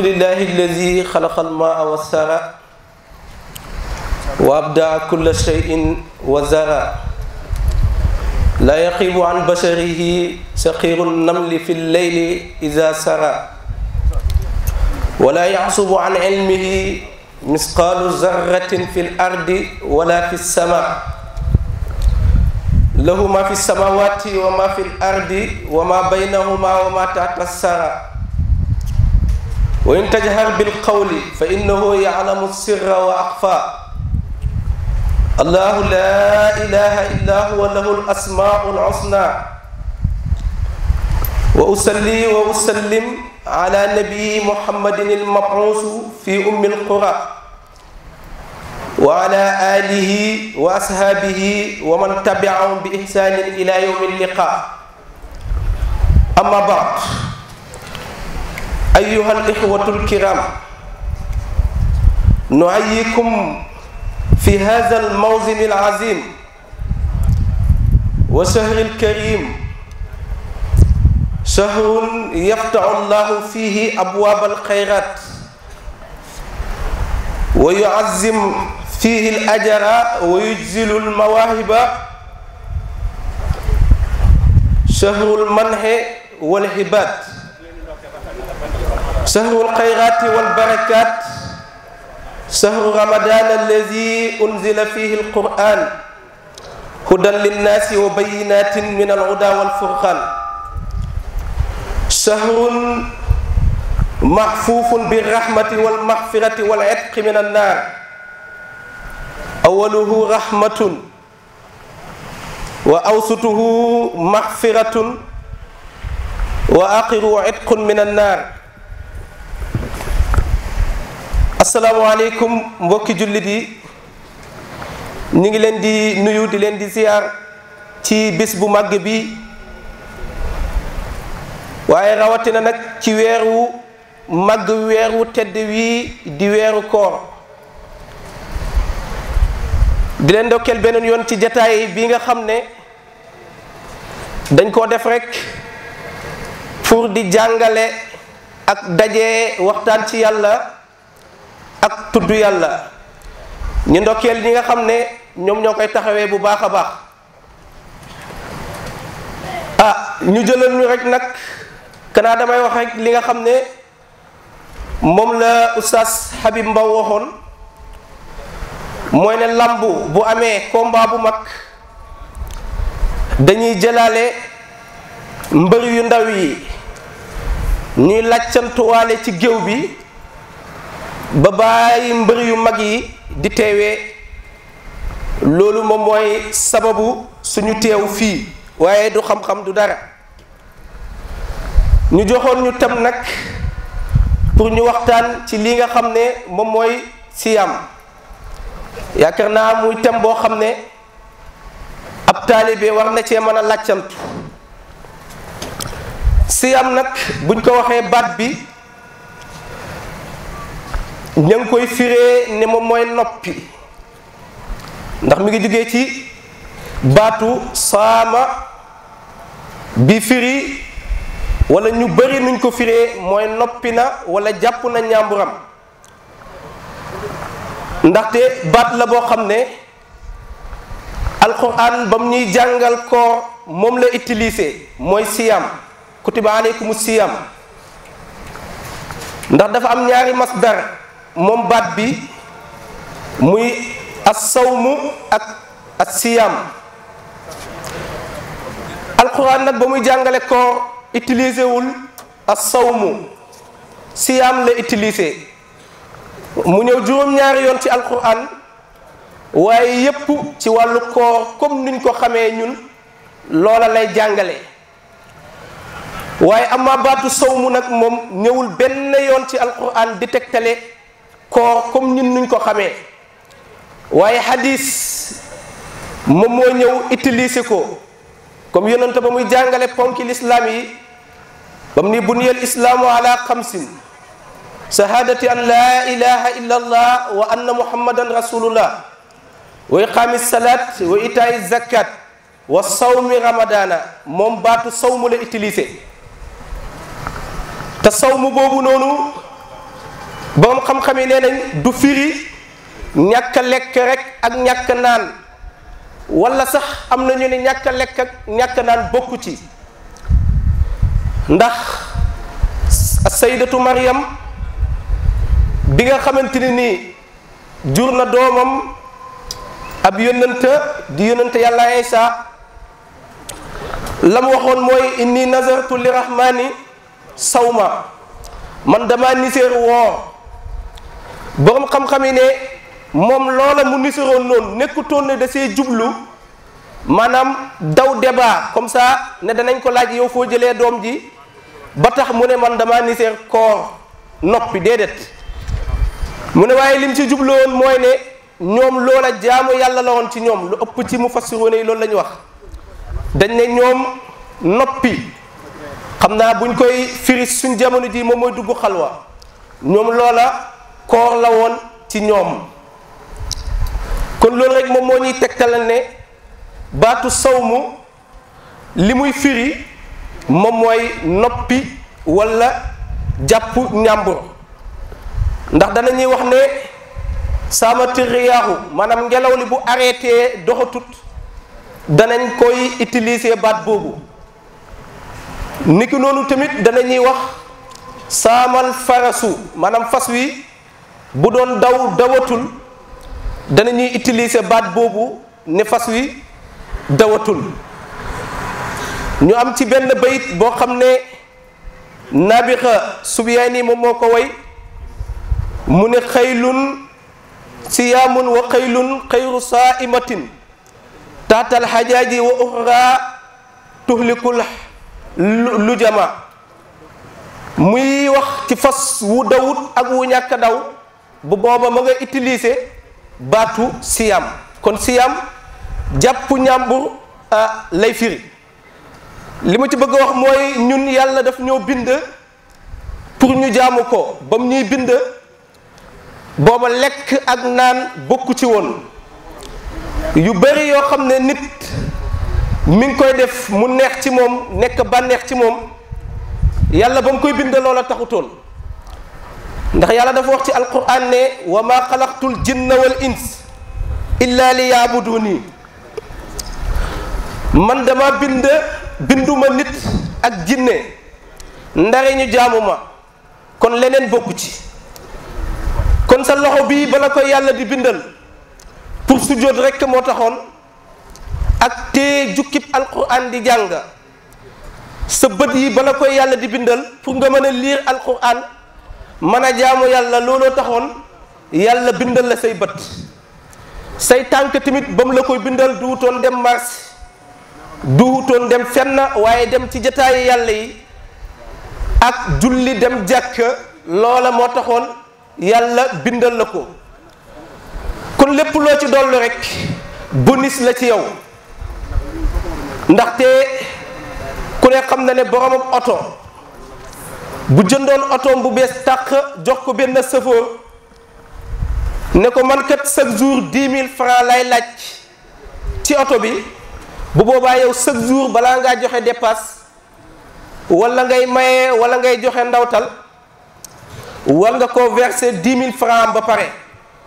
لله الذي خلق الماء والثرى وأبدع كل شيء وزرع لا يقيم عن بشره سقير النمل في الليل إذا سرى ولا يعصب عن علمه مثقال ذرة في الأرض ولا في السماء له ما في السماوات وما في الأرض وما بينهما وما تحت السَّرَى وإن تجهر بالقول فإنه يعلم السر وأخفى الله لا إله إلا هو له الأسماء الحسنى وأصلي وأسلم على نبي محمد المبعوث في أم القرى وعلى آله وأصحابه ومن تبعهم بإحسان إلى يوم اللقاء أما بعد أيها الإخوة الكرام نعيكم في هذا الموزن العظيم وشهر الكريم شهر يفتح الله فيه أبواب الخيرات ويعزم فيه الأجر ويجزل المواهب شهر المنح والهبات سهر الخيرات والبركات شهر رمضان الذي أنزل فيه القرآن هدى للناس وبينات من الهدى والفرقان شهر محفوف بالرحمة والمغفرة والعتق من النار أوله رحمة وأوسطه مغفرة وآخره عتق من النار assalamu aleykum mbokki julli di ñu ngi leen di nuyu di leen di ziar ci bis bu màgg bi waaye rawatina nag ci weeru màgg weeru tedd wii di weeru koor di leen ndokkeel beneen yoon ci jataay bii nga xam ne dañ koo def rek pour di jàngale ak dajee waxtaan ci yàlla ak tudd yàlla ñu ndokkeel ñi nga xam ne ñoom ñoo koy taxawee bu baax a baax ah ñu jëlal ñu rek nag kanaa damay wax rek li nga xam ne moom la oustaz Habib Mbaw waxoon mooy ne làmb bu amee combat bu mag dañuy jëlaale mbër yu ndaw yi ñuy làccantuwaale ci géew bi ba bàyyi mbër yu mag yi di teewee loolu moom mooy sababu suñu teew fii waaye du xam-xam du dara ñu joxoon ñu tam nag pour ñu waxtaan ci li nga xam ne moom mooy siyaam yaakaar naa muy tam boo xam ne ab taalibe war na cee mën a làccantu siyaam nag buñ ko waxee baat bi ñu ngi koy firee ne moom mooy noppi ndax mi ngi diggee ci baatu saama bi firi wala ñu bëri nuñ ko firee mooy noppi na wala jàpp na ñàmburam ndaxte baat la boo xam ne alquran ba mu ñuy jàngal koor moom la utilisé mooy siyam kutiba aleykumu siyam ndax dafa am ñaari masdar moom baat bi muy assawmu ak asiyaam alquran nag ba muy jàngale koor utiliser wul assawmu siyaam la utiliser mu ñëw juróom-ñaari yoon ci alquran waaye yépp ci wàllu koor comme niñ ko xamee ñun loola lay jàngale waaye amma baatu sawmu nag moom ñëwul benn yoon ci alquran di tegtale koor comme ñun nuñ ko xamee waaye xadis moom moo ñëw utiliser ko comme yonent ba muy jàngale ponki lislaam yi bam ni buniyal islaamu ala xamsin shahadati an laa ilaha illa allah wa anna muhammadan rasulullah wa iqaami salaat wa itaayi zakat wa sawmi ramadana moom baatu sawmu la utiliser te sawmu boobu noonu borom xam-xam yi nee du firi ñàkk a lekk rek ak ñàkk naan wala sax am na ñu ne ñàkk a lekk ak ñàkk naan bokku ci ndax saydatu Maryam bi nga xamante ni nii jur na doomam ab yónnante di yónnante yàlla Isaa la mu waxoon mooy inni nazartu li rahmaani sawma man dama niseer woor borom xam-xam yi ne moom loola mu nisaroon noonu nekkutoon ne da see jublu maanaam daw débat comme sa ne danañ ko laaj yow foo jëlee doom ji ba tax mu ne man dama niseer koor noppi déedéet mu ne waaye lim ci jubluwoon mooy ne ñoom loola jaamu yàlla la woon ci ñoom lu ëpp ci mu fassiroone yi loolu la ñu wax dañ ne ñoom noppi xam naa buñ koy firi suñ jamono ji moom mooy dugg xalwa ñoom loola koor la woon ci ñoom kon loolu rek moom moo ñuy tegtalal ne baatu mu li muy firi moom mooy noppi walla jàpp ñàmbur ndax dana ñuy wax ne saamati riyaahu maanaam ngelaw li bu arrêté doxatut danañ koy utiliser baat boobu niki noonu tamit dana ñuy wax saamal farasu maanaam fas wi bu doon daw dawatul danañuy utilise baat boobu ne fas wi dawatul ñu am ci benn bayit boo xam ne nabixa subyaani moom moo ko way mu ne xaylun siyaamun wa xëyru xayru saaimatin taatal xajaaji wa uxra tuhlikul lu jama muy wax ci fas wu dawut ak wu ñàkk daw bu booba ma nga utiliser baatu siyaam kon siyaam jàpp ñàmbur lay firi li ma ci bëgg a wax mooy ñun yàlla daf ñoo bind pour ñu jaamu ko ba mu ñuy bind booba lekk ak naan bokku ci woon yu bari yoo xam ne nit mi ngi koy def mu neex ci moom nekk bànneex ci moom yàlla ba mu koy bind loola taxutoon ndax yàlla dafa wax ci alquran ne wa maa xalaqtul jinna wal ins illa li yaabuduni man dama bind binduma nit ak jinne ndare ñu jaamu kon leneen bokk ci kon sa loxo bii bala ko yàlla di bindal pour sujjóot rekk moo taxoon ak te jukkib alquran di jàng sa bët yi bala koy yàlla di bindal pour nga mën a liir alquran mën a jaamu yàlla looloo taxoon yàlla bindal la say bët say tànk tamit ba mu la koy bindal duutoon dem marché duutoon dem fenn waaye dem ci jataayu yàlla yi ak julli dem jàkk loola moo taxoon yàlla bindal la ko kon lépp loo ci dollu rek bonus la ci yow ndaxte ku ne xam na ne boromam oto bu jëndoon otoom bu bees tàq jox ko benn sëfoor ne ko man kat chaque jour dix mille francs lay laaj ci oto bi bu boobaa yow chaque jour balaa ngaa joxe dépasse wala ngay maye wala ngay joxe ndawtal war nga ko verser dix mille francs ba pare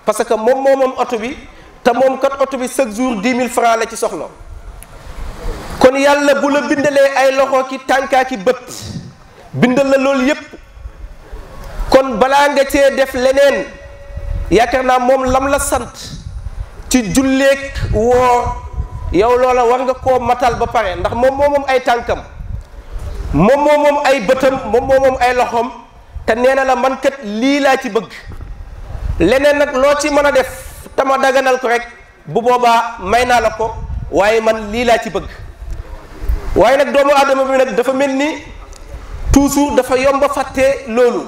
parce que moom moo moom oto bi te moom kat oto bi chaque jour dix mille francs la ci soxla kon yàlla bu la bindalee ay loxo ki tànkaa ki bët bindal la loolu yépp kon balaa nga cee def leneen yaakaar naa moom lam la sant ci julleek woor yow loola war nga koo matal ba pare ndax moom moo moom ay tànkam moom moo moom ay bëtam moom moom ay loxoom te nee na la man kat lii laa ci bëgg leneen nag loo ci mën a def tama daganal ko rek bu boobaa may naa la ko waaye man lii laa ci bëgg waaye nag doomu aadama bi nag dafa mel ni toujours dafa yomb fàttee loolu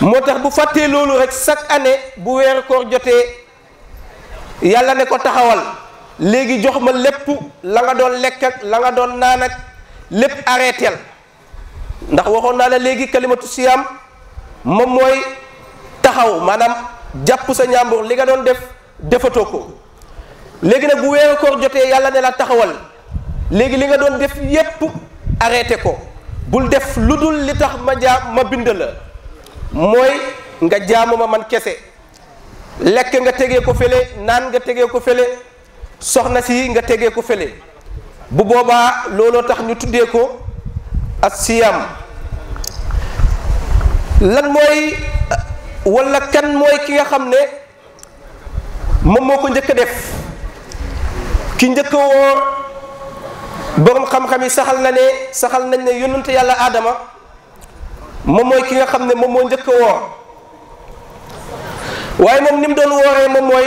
moo tax bu fàttee loolu rek chaque année bu weer koor jotee yàlla ne ko taxawal léegi jox ma lépp la nga doon lekk ak la nga doon naan ak lépp arrêtel ndax waxoon naa la léegi kalimatu siyaam moom mooy taxaw maanaam jàpp sa ñàmbur li nga doon def defatoo ko léegi nag bu weer koor jotee yàlla ne la taxawal léegi li nga doon def yépp arrêté ko bul def lu dul li tax ma jaam ma bind la mooy nga jaamu ma man kese lekk nga tegee ko fële naan nga tegee ko fële soxna si nga tegee ko fële bu boobaa looloo tax ñu tuddee ko asiyam lan mooy walla kan mooy ki nga xam ne moom moo ko njëkk a def ki njëkk woor boroom xam-xam yi saxal na ne saxal nañ ne yónnante yàlla aadama moom mooy ki nga xam ne moom moo njëkk a woor waaye moom ni mu doon wooree moom mooy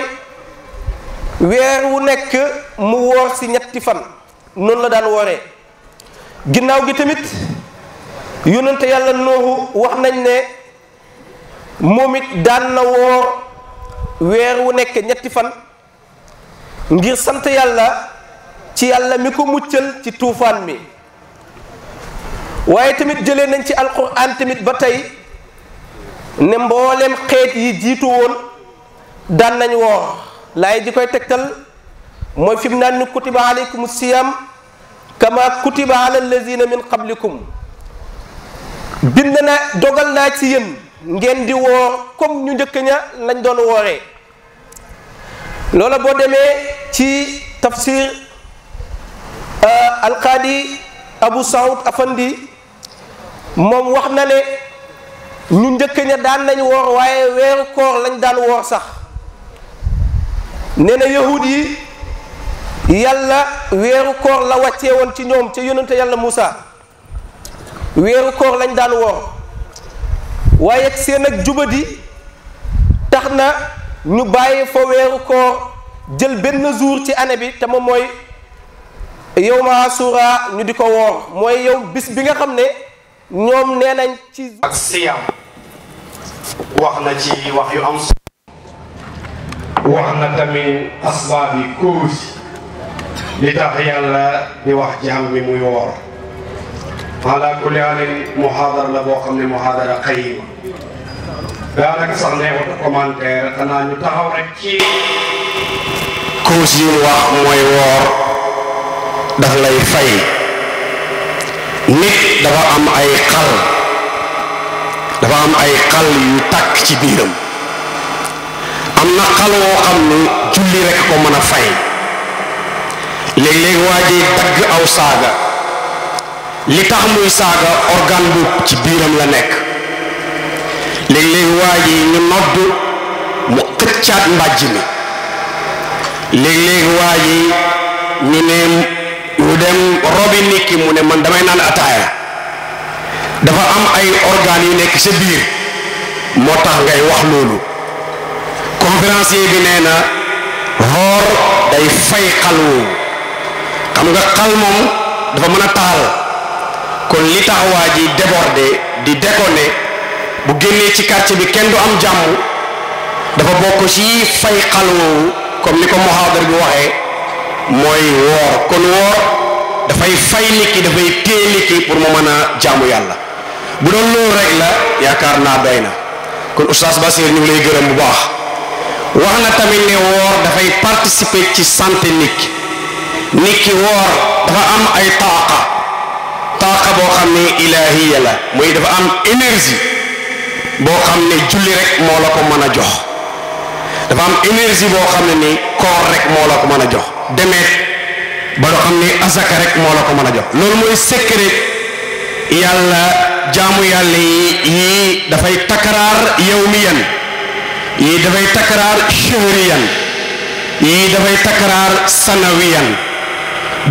weer wu nekk mu woor si ñetti fan noonu la daan wooree ginnaaw gi tamit yónnante yàlla noohu wax nañ ne moom it daan na woor weer wu nekk ñetti fan ngir sant yàlla ci yàlla mi ko muccal ci tuufaan mi waaye tamit jëlee nañ ci alquran tamit ba tey ne mboolem xeet yi jiitu woon daan nañ woor laay ji koy tegtal mooy fi mu naan ni kutiba aleykum siyam kama kutiba ala allazina min qablikum bind na dogal naa ci yéen ngeen di woor comme ñu njëkk ña lañ doon wooree loola boo demee ci tafsir Euh, alqaadi Abu Saoud Afandi moom wax na ne ñu njëkk ña daan nañ woor waaye weeru koor lañ daan woor sax nee na yi yàlla weeru koor la wàccee woon ci ñoom ci yonente yàlla Moussa weeru koor lañ daan woor waaye ak seen ak jubadi tax na ñu bàyyi fa weeru koor jël benn jour ci année bi te moom mooy yawma asura ñu di ko woor mooy yow bis bi nga xam ne ñoom nee nañ ci. ak siyam wax na ci wax yu am solo wax na tamit asbaab yi li tax yàlla di wax jaam bi muy woor ala kulli halin muhaadara la boo xam ne muhaadara qayima daanaka sax commentaire xanaa ñu taxaw rek ci cause yi wax mooy woor daf lay fay nit dafa am ay xal dafa am ay xal yu tak ci biram am na xal wo xamni julli rek ko meuna fay leg leg waji ji aw saga li tax muy saga organ bu ci biram la nek leg leg waji ñu nodd mu xëccaat mbajimi leg leg waji ñu mu dem robi niki mu ne man damay nan ataya dafa am ay organes yu nek ci bir motax ngay wax lolu conférencier bi neena hor day fay xal xam nga xal mom dafa kon li tax waji ji débordé di déconné bu génné ci quartier bi kenn du am jamm dafa bokk ci fay xal comme niko ko bi waxé moy wor kon wor dafay fay nit ki dafay téye nit ki pour mu mën a jaamu yàlla bu doon loolu rek la yaakaar naa doy na kon oustaz Basir ñu ngi lay gërëm bu baax wax na tamit ne woor dafay participer ci santé nit ki ki woor dafa am ay taaqa taaqa boo xam ne ilaahiya la mooy dafa am énergie boo xam ne julli rek moo la ko mën a jox dafa am énergie boo xam ne ni koor rek moo la ko mën a jox demeet ba doo xam ne asaka rek moo la ko mën a jox loolu mooy secret yàlla jaamu yàlla yi yii dafay takaraar yawmiyan yii dafay takaraar shahriyan yii dafay takaraar sanawiyan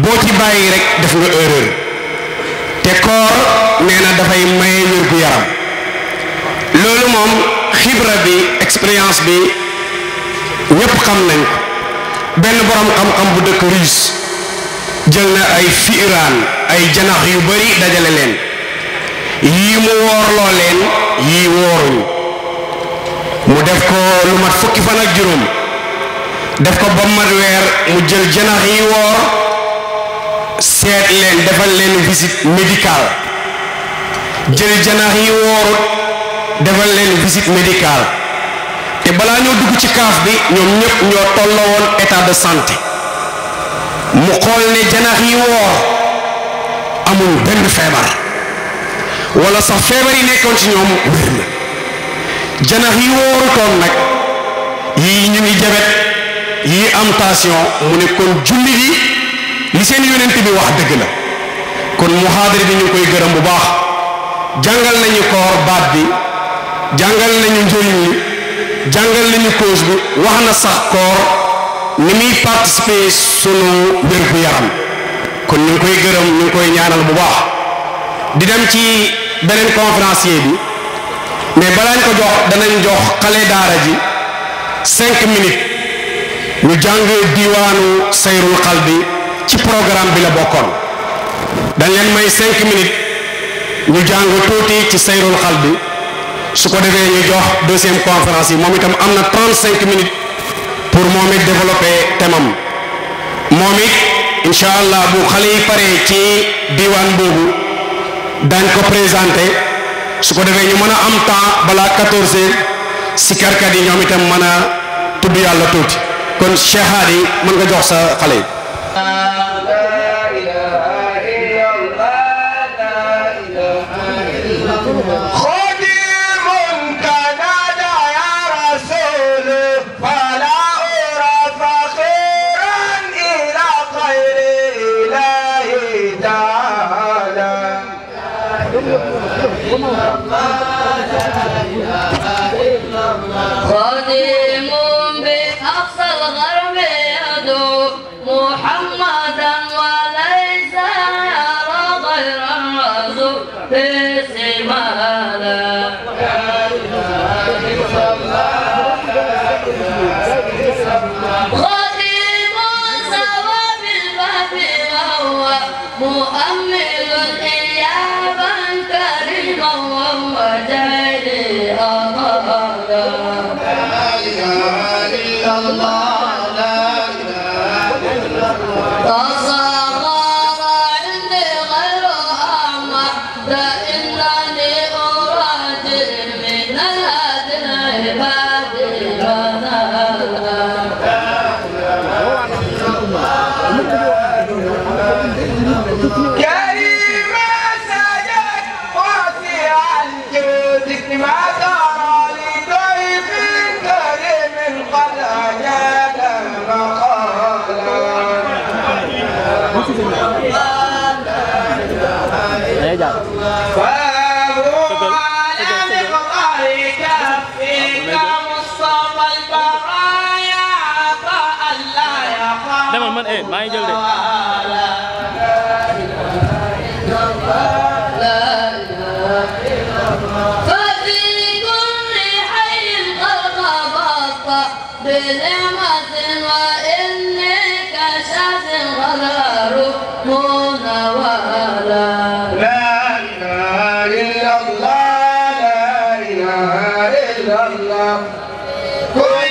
boo ci bàyyi rek def nga erreur te koor nee na dafay maye ñur gu yaram loolu moom xibra bi expérience bi ñépp xam nañ ko benn borom xam-xam bu dëkk Russe jël na ay fiiraan ay janax yu bari dajale leen yii mu woorloo leen yii wooruñ mu def ko lu mat fukki fan juróom def ko ba mat weer mu jël janax yi woor seet leen defal leen visite médicale jël janax yi woorut defal leen visite médicale te balaa ñoo dugg ci kaaf bi ñoom ñëpp ñoo tolloo woon état de santé mu xool ne janax yi woor amul benn feebar wala sax feebar yi nekkoon ci ñoom wér na janax yi woorutoon nag yii ñu ngi jabet yii am tension mu ne kon jullit yi li seen yonent bi wax dëgg la kon muhaadar bi ñu koy gërëm bu baax jàngal nañu koor baat bi jàngal nañu njëriñ li jàngal nañu cause bi wax na sax koor ni muy participer sunu wér gu yaram kon ñu ngi koy gërëm ñu ngi koy ñaanal bu baax di dem ci beneen conférencier bi mais balaañ ko jox danañ jox xale daara ji cinq minutes ñu jàng diwaanu sayrul bi ci programme bi la bokkoon dañ leen may cinq minutes ñu jàng tuuti ci sayrul qalbi su ko defee ñu jox deuxième conférence yi moom itam am na trente cinq minutes. pour moom it développer temam moom it incha allah bu xale yi paree ci diwaan boobu daañ ko présenter su ko defee ñu mën a am temps balaa 14 si sikarkat yi ñoom itam mën a tudd yàlla tuuti kon Cheikh yi mën nga jox sa xale yi. Hooray!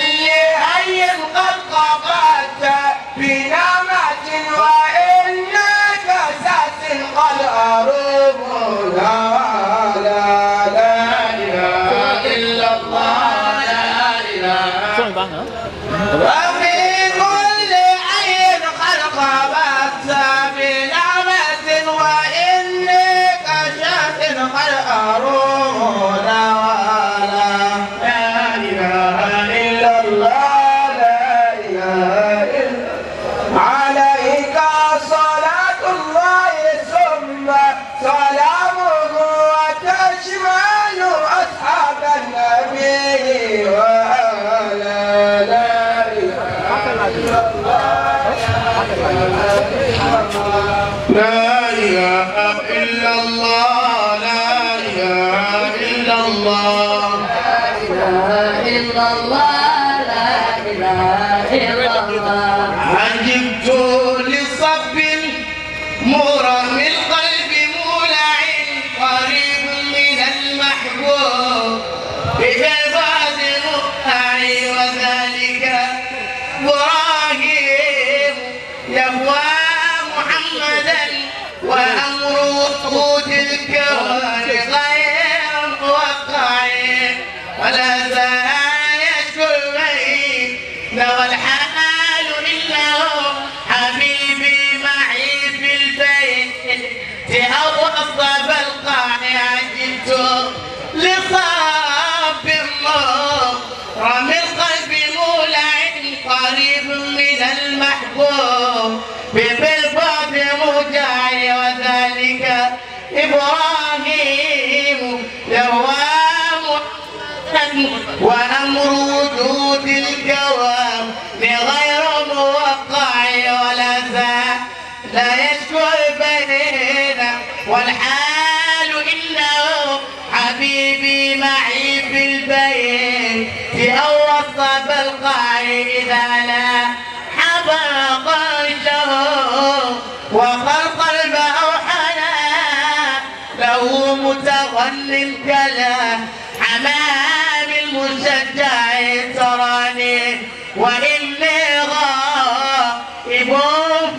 حمام المشجع تراني وإني غائب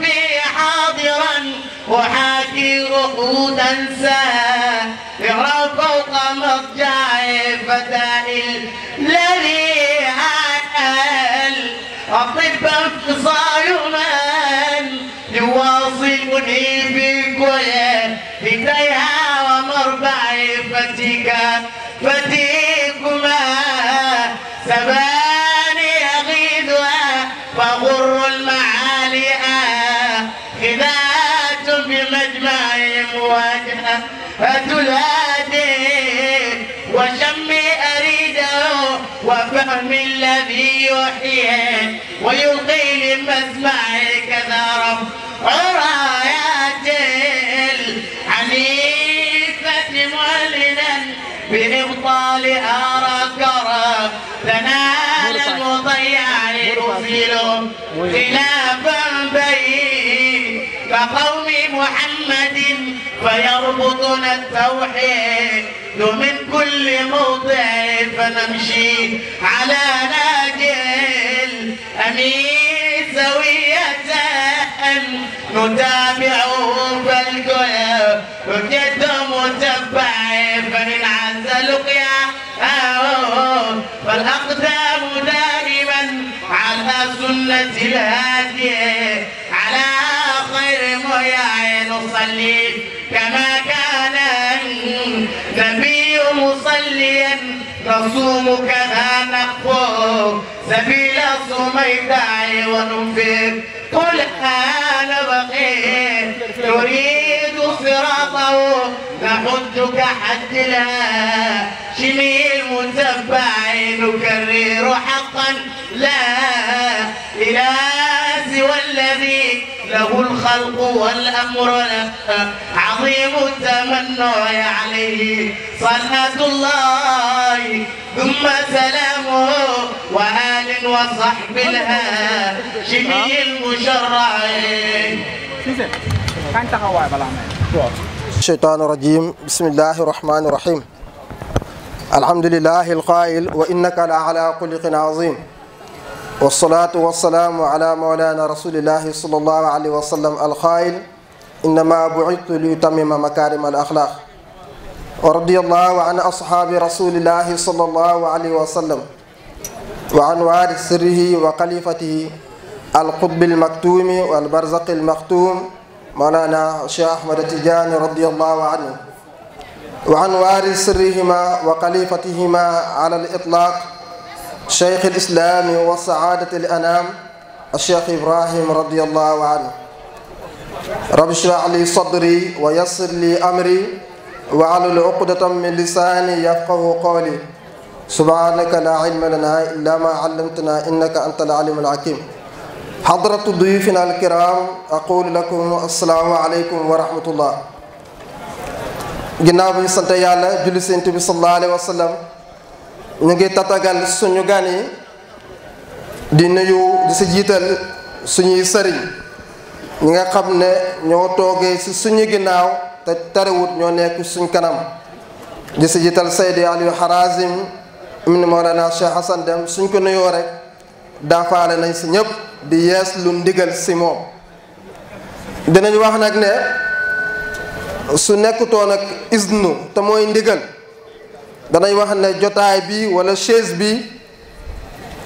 في حاضرا أحاكي رقودا سائرا فوق مضجع فتاة الذي هل أطب من يواصلني في كل بدايها ومربع فتيكا فتيكما سباني أغيدها فغر المعالي خذات بمجمع واجهة فتلادي وشم أريده وفهم الذي يحيي ويغير الأبطال أرى كرى تنال المضيع أرسل خلافا بين كقوم محمد فيربطنا التوحيد من كل موضع فنمشي على ناجل أمين سوية نتابعه فالكل وجد السنة الهادية على خير مياع نصلي كما كان النبي مصليا نصوم كما نقوم سبيل صميتع وننفق قل حال بخير نريد صراطه نحدك حد لا شمي المتبع نكرر حقا لا إلى سوى الذي له الخلق والأمر نفسه عظيم التمنع عليه صلاة الله ثم سلامه وآل وصحب الهاشمي المشرع الشيطان الرجيم بسم الله الرحمن الرحيم الحمد لله القائل وإنك لعلى خلق عظيم والصلاة والسلام على مولانا رسول الله صلى الله عليه وسلم الخائل إنما بعثت ليتمم مكارم الأخلاق ورضي الله عن أصحاب رسول الله صلى الله عليه وسلم وعن وارث سره وخليفته القطب المكتوم والبرزق المختوم مولانا الشيخ أحمد تجاني رضي الله عنه وعن وارث سرهما وخليفتهما على الإطلاق شيخ الإسلام وسعادة الأنام الشيخ إبراهيم رضي الله عنه رب اشرح لي صدري ويسر لي أمري وعلى العقدة من لساني يفقه قولي سبحانك لا علم لنا إلا ما علمتنا إنك أنت العلم الحكيم حضرة ضيوفنا الكرام أقول لكم السلام عليكم ورحمة الله جناب سنت الله جلسين سنت بصلى الله عليه وسلم ñu ngi tatagal suñu gan yi di nuyu di si jiital suñuy sëriñ ñi nga xam ne ñoo toogee si suñu ginnaaw te tarewut ñoo nekk suñ kanam di si jiital Seydi Aliou Harazim ibn Mawlana Cheikh Hassan Deme suñ ko nuyoo rek daafaale nañ si ñëpp di yees lu ndigal si moom dinañ wax nag ne su nekkutoon ak isnu te mooy ndigal danañ wax ne jotaay bi wala chaise bi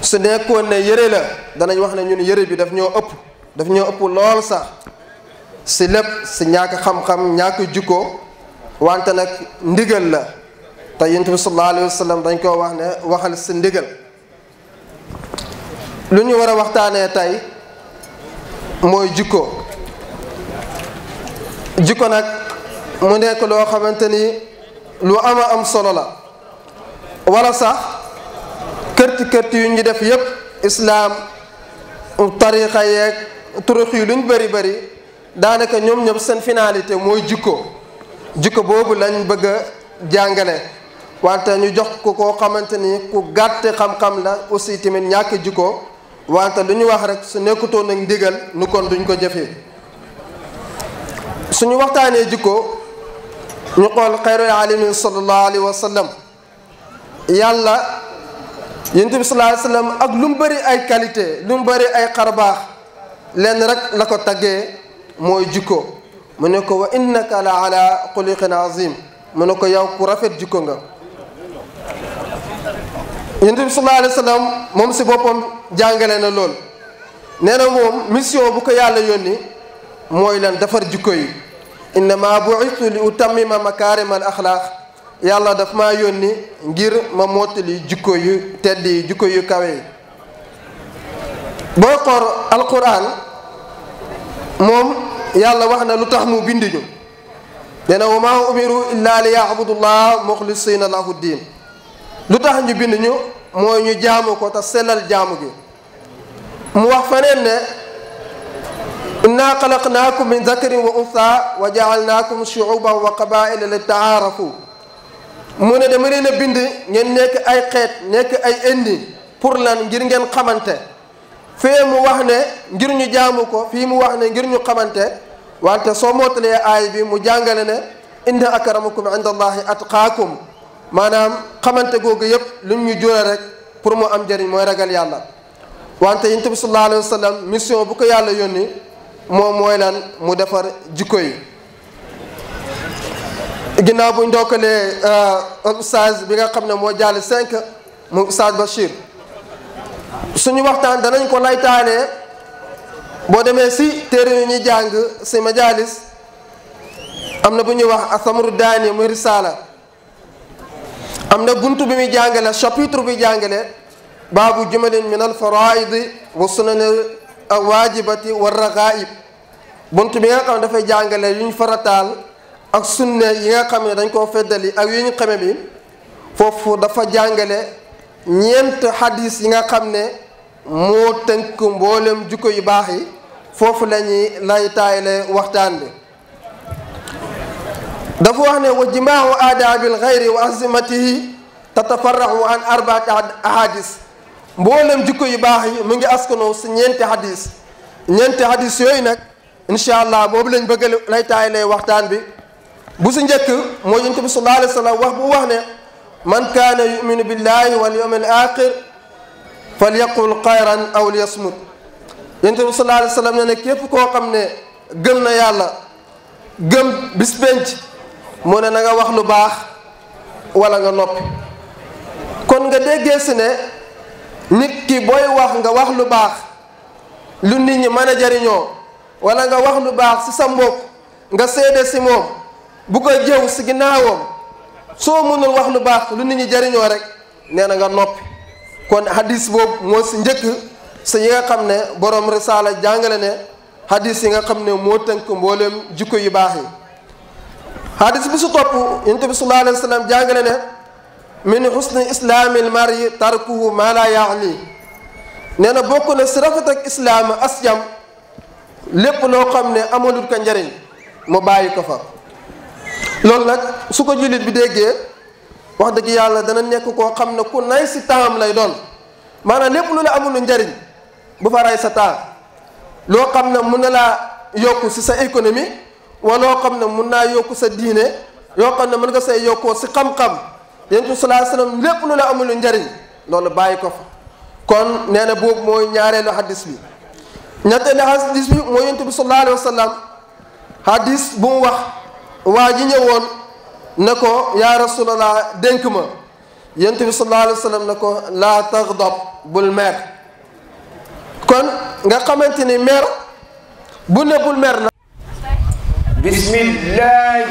su nekkoon ne yëre la danañ wax ne ñun yére bi daf ñoo ëpp daf ñoo ëpp lool sax si lépp si ñàkk xam-xam ñàkk jikko wante nag ndigal la te yonent bi sallallahu alayhi wa dañ koo wax ne waxal si ndigal lu ñu war a waxtaanee tey mooy jikko jikko nag mu nekk loo xamante ni lu ama am solo la wala sax kërti kërti yu ñu def yépp islaam tarixa yeeg turux yi luñ bëri bari daanaka ñoom ñëpp seen finalité mooy jikko jikko boobu lañ bëgg a jàngale wante ñu jox ko koo xamante ni ku gàtte xam-xam la aussi tamit ñàkk jikko wante lu ñu wax rek su nekkutoon ak ndigal nu kon duñ ko jëfee suñu waxtaanee jikko ñu xool xayrul alamin sallallahu alayhi wa sallam yàlla yonent bi sallallahu alayhi wasallam ak lu mu ay qualité lu mu ay xarbaax lenn rek la ko taggee mooy jikko mu wa innaka la ala xuliqin azim mu ne ko yow ku rafet jikko nga yonent bi sallallahu alayhi wasallam moom si boppam jàngale na lool nee na mission bu ko yàlla yónni mooy lan defar jikko yi innama bu'itu li utammima makarim al axlaaq yàlla daf maa yónni ngir ma mottali jikko yu tedd yi jikko yu kawe yi booy xool alquran moom yàlla wax na lu tax mu bind ñu dena maa umiru illaa li yaabudullah muxlisina lahu diin lu tax ñu bind ñu mooy ñu jaamu ko te sellal jaamu gi mu wax feneen ne inna xalaqnaakum min zakarin wa unsa wa jaalnaakum shuuban wa qabaila li taarafu mu ne dama leen a bind ngeen nekk ay xeet nekk ay indi pour lan ngir ngeen xamante fee mu wax ne ngir ñu jaamu ko fii mu wax ne ngir ñu xamante wante soo mootalee aay bi mu jàngale ne indi akramakum inda allahi atqaakum maanaam xamante googu yëpp lu ñu jure rek pour mu am njëriñ mooy ragal yàlla wante yonent bi sallallahu alayhi mission bu yàlla yónni moo mooy lan mu defar jikko yi ginnaaw buñ ndokkalee euh, oustaz bi nga xam ne moo jàll cinq mu oustaz Bachir suñu waxtaan danañ ko laytaanee boo demee si téere yu ñuy jàng si majalis am na bu ñuy wax asamru daani muy risaala am na bunt bi muy jàngale chapitre bi jàngale baabu jumalin min al faraidi wa sunani al waajibati wa ragaib buntu bi nga xam ne dafay jàngale yuñ farataal ak sunna yi nga xam ne dañ koo feddali ak yu ñu xame bi foofu dafa jàngale ñeent hadis yi nga xam ne moo tënk mboolem jukko yu baax yi foofu la ñuy lay taayale waxtaan bi dafa wax ne wa jimaahu aadaabil xayri wa azimatihi tatafaraxu an arbaat ahadis mboolem jukko yu baax yi mu ngi askanoo si ñeenti xadis ñeenti xadis yooyu nag incha allah boobu lañ bëgg lay taayale waxtaan bi bu si njëkk mooy yonent bi sallallahu alayhi wa wax bu wax ne man kaana yuminu billahi wal yawmil axir falyaqul xayran aw liyasmut yonent bi sallallahu alayhi wa sallam ne ne képp koo xam ne gëm na yàlla gëm bis penc mu ne na nga wax lu baax wala nga noppi kon nga déggee si ne nit ki booy wax nga wax lu baax lu nit ñi mën a jariñoo wala nga wax lu baax si sa mbokk nga seede si moom bu ko jëw si ginnaawam soo mënul wax lu baax lu nit ñi jariñoo rek nee na nga noppi kon hadis boobu moo si njëkk si yi nga xam ne borom risaala jàngale ne hadis yi nga xam ne moo tënk mbooleem jikko yi baax yi hadis bi su topp yonent bi sallallahu alayhi wa sallam jàngale ne min husni islaamil mari tarkuhu ma la yaali nee na bokk na si rafet ak islaam asjam lépp loo xam ne amalul ko njariñ mu bàyyi ko fa loolu nag su ko jullit bi déggee wax dëgg yàlla dana nekk koo xam ne ku nay si taam lay doon maanaam lépp lu la amul njariñ bu fa rey sa taam loo xam ne mun na laa yokku si sa économie wala loo xam ne mun naa yokk sa diine yoo xam ne mën nga say yokkoo si xam-xam yonent bi sallallahu alayhi wasallam lépp lu la amul njariñ loolu bàyyi ko fa kon nee na boobu mooy ñaareelu hadis bi ñetteelu hadis bi mooy sa bi sallallahu alayhi wasallam hadis bu mu wax. waji ñëwoon nako ya rasulullah dénk ma yentu bi sallallahu alayhi wasallam nako la taghdab bul mer kon nga xamanteni mer bu ne bul mer na bismillahi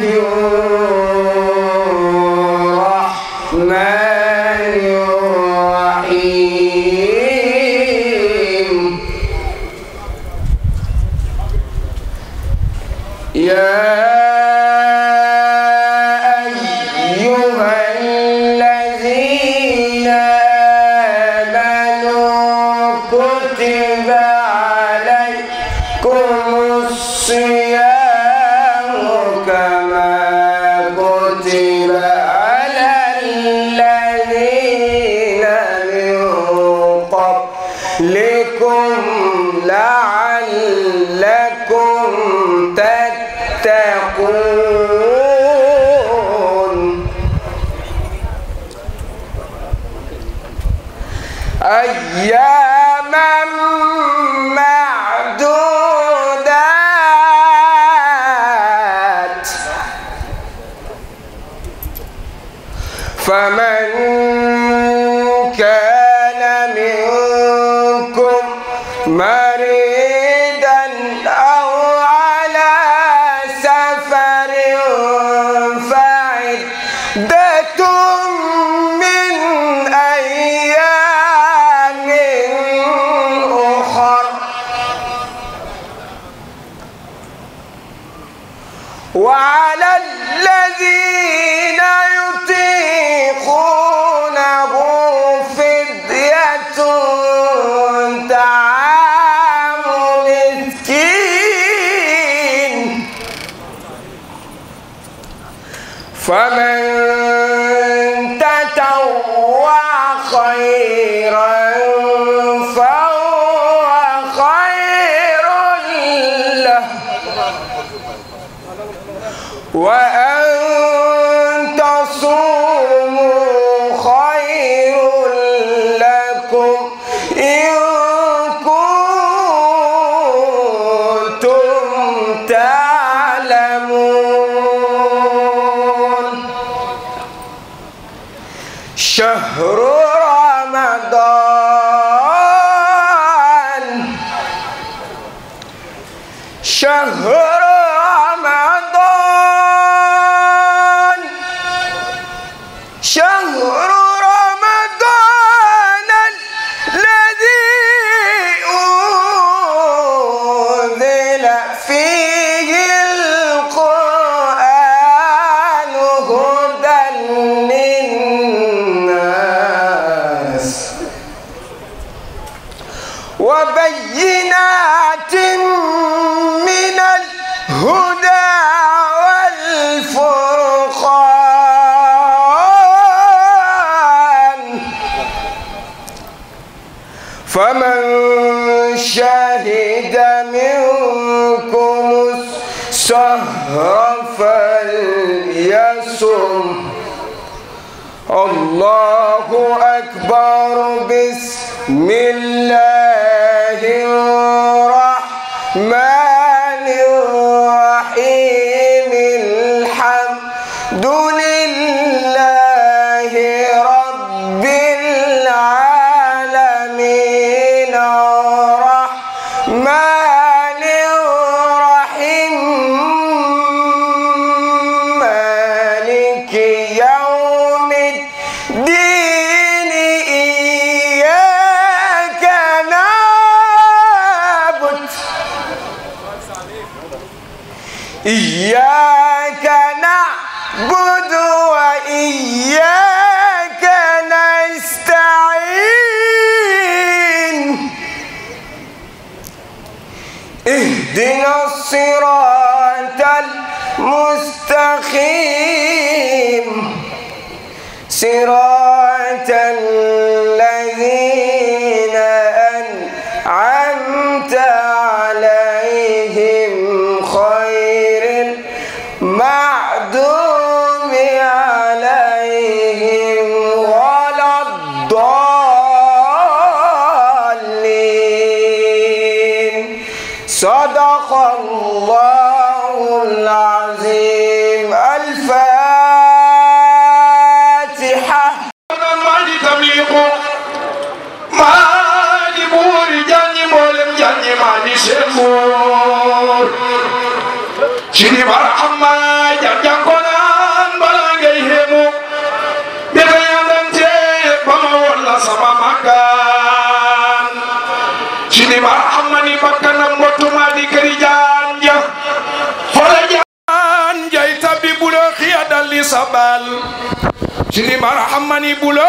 لكم لعلكم تتقون أيام وأن فمن شهد منكم السهر فليصم الله أكبر بسم الله الرحمن せろ sabal sini marhamani bulo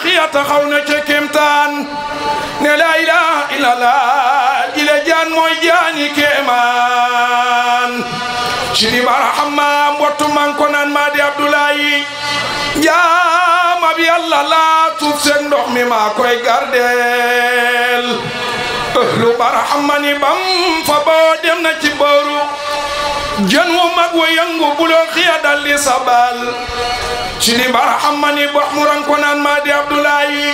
xiyata xaw na ca kemtaan ne la ilaha illallah ila jaan mooy jaani kemaan Chérif Arhama mbottu man ko naan Madi Abdoulaye jaam ab yàlla laa tuuf seen ndox mi maa koy gardeel lu barahama ni bam fa boo dem na ci booru jën mag wa yëngu buloo dalli sabal ci ni barahama ni box mu ranko naan maa di Abdoulaye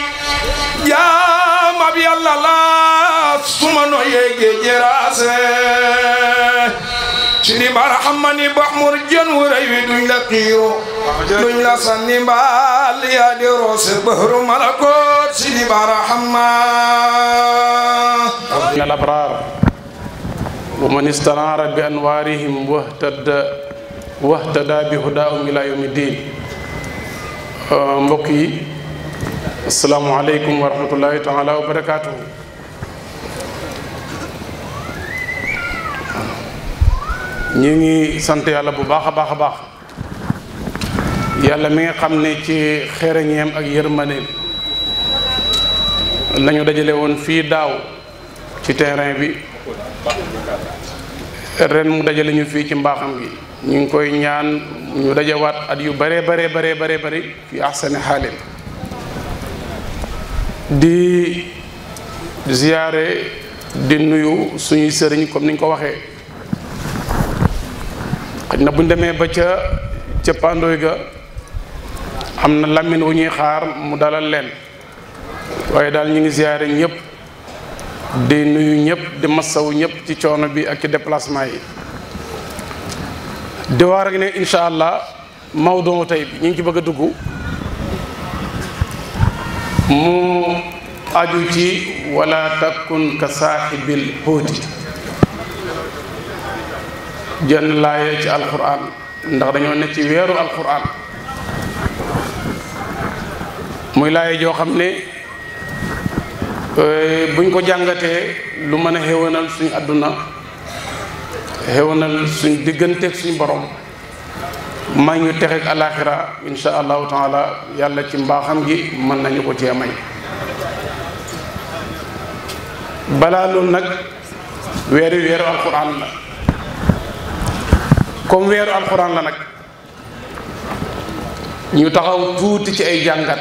jaam ab yàlla laa suma no yeege jeraase sëriñ barahama ni bax mur jën wu rëy wi duñ la xiiro duñ la sanni mbaal yaa di roose bëhru malakoot sëriñ barahama al abraar wa man istanaara bi anwaarihim wahtada wahtada bi hudaahum ila yawmi diin mbokk yi asalaamaaleykum wa rahmatullahi taala wa barakaatuhu ñu ngi sant yàlla bu baax a baax a baax yàlla mi nga xam ne ci xereñeem ak yërmandeem lañu dajale woon fii daaw ci terrain bi ren mu dajale ñu fii ci mbaaxam gi ñu ngi koy ñaan ñu dajawaat at yu bare bare bare bare bare fi ahsani xaalim di ziyaare di nuyu suñuy sëriñ comme niñ ko waxee xaj na bu ñu demee ba ca ca pandooy ga am na lamin wu ñuy xaar mu dalal leen waaye daal ñu ngi ziyaare ñëpp di nuyu ñëpp di massawu ñëpp ci coono bi ak ci déplacement yi di waa rek ne incha allah mawduu tey bi ñu ngi ci bëgg a dugg mu aju ci wala takkun ka saaxibil xóoti jenn laaye ci alquran ndax dañoo nekk ci weeru alquran muy laaye joo xam ne euh, buñ ko jàngatee lu mën a xéwanal suñu àdduna xéwanal suñ digganteeg suñu borom may ñu texeeg alaxira insha allahu taala yàlla ci mbaaxam gi mën nañu ko cee may balaa loolu nag weeri weeru alquran la comme weeru alxuraan la nag ñu taxaw tuuti ci ay jàngat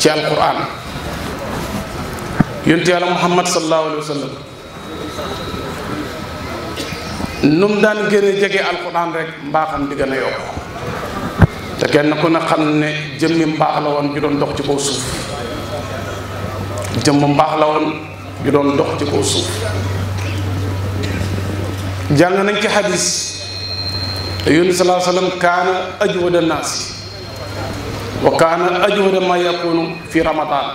ci alxuraan yontu yàlla muhammad sallallahu alayhi wa sallam nu daan gën a jege alxuraan rek mbaaxam di gën a yokk te kenn ku ne xam ne jëmmi mbaax la woon ju doon dox ci kaw suuf jëmm mbaax la woon ju doon dox ci kaw suuf jàng nañ ci xadis yónni salaa sallam kaana ajwada naas wa kaana ajwada ma yakunu fi ramadan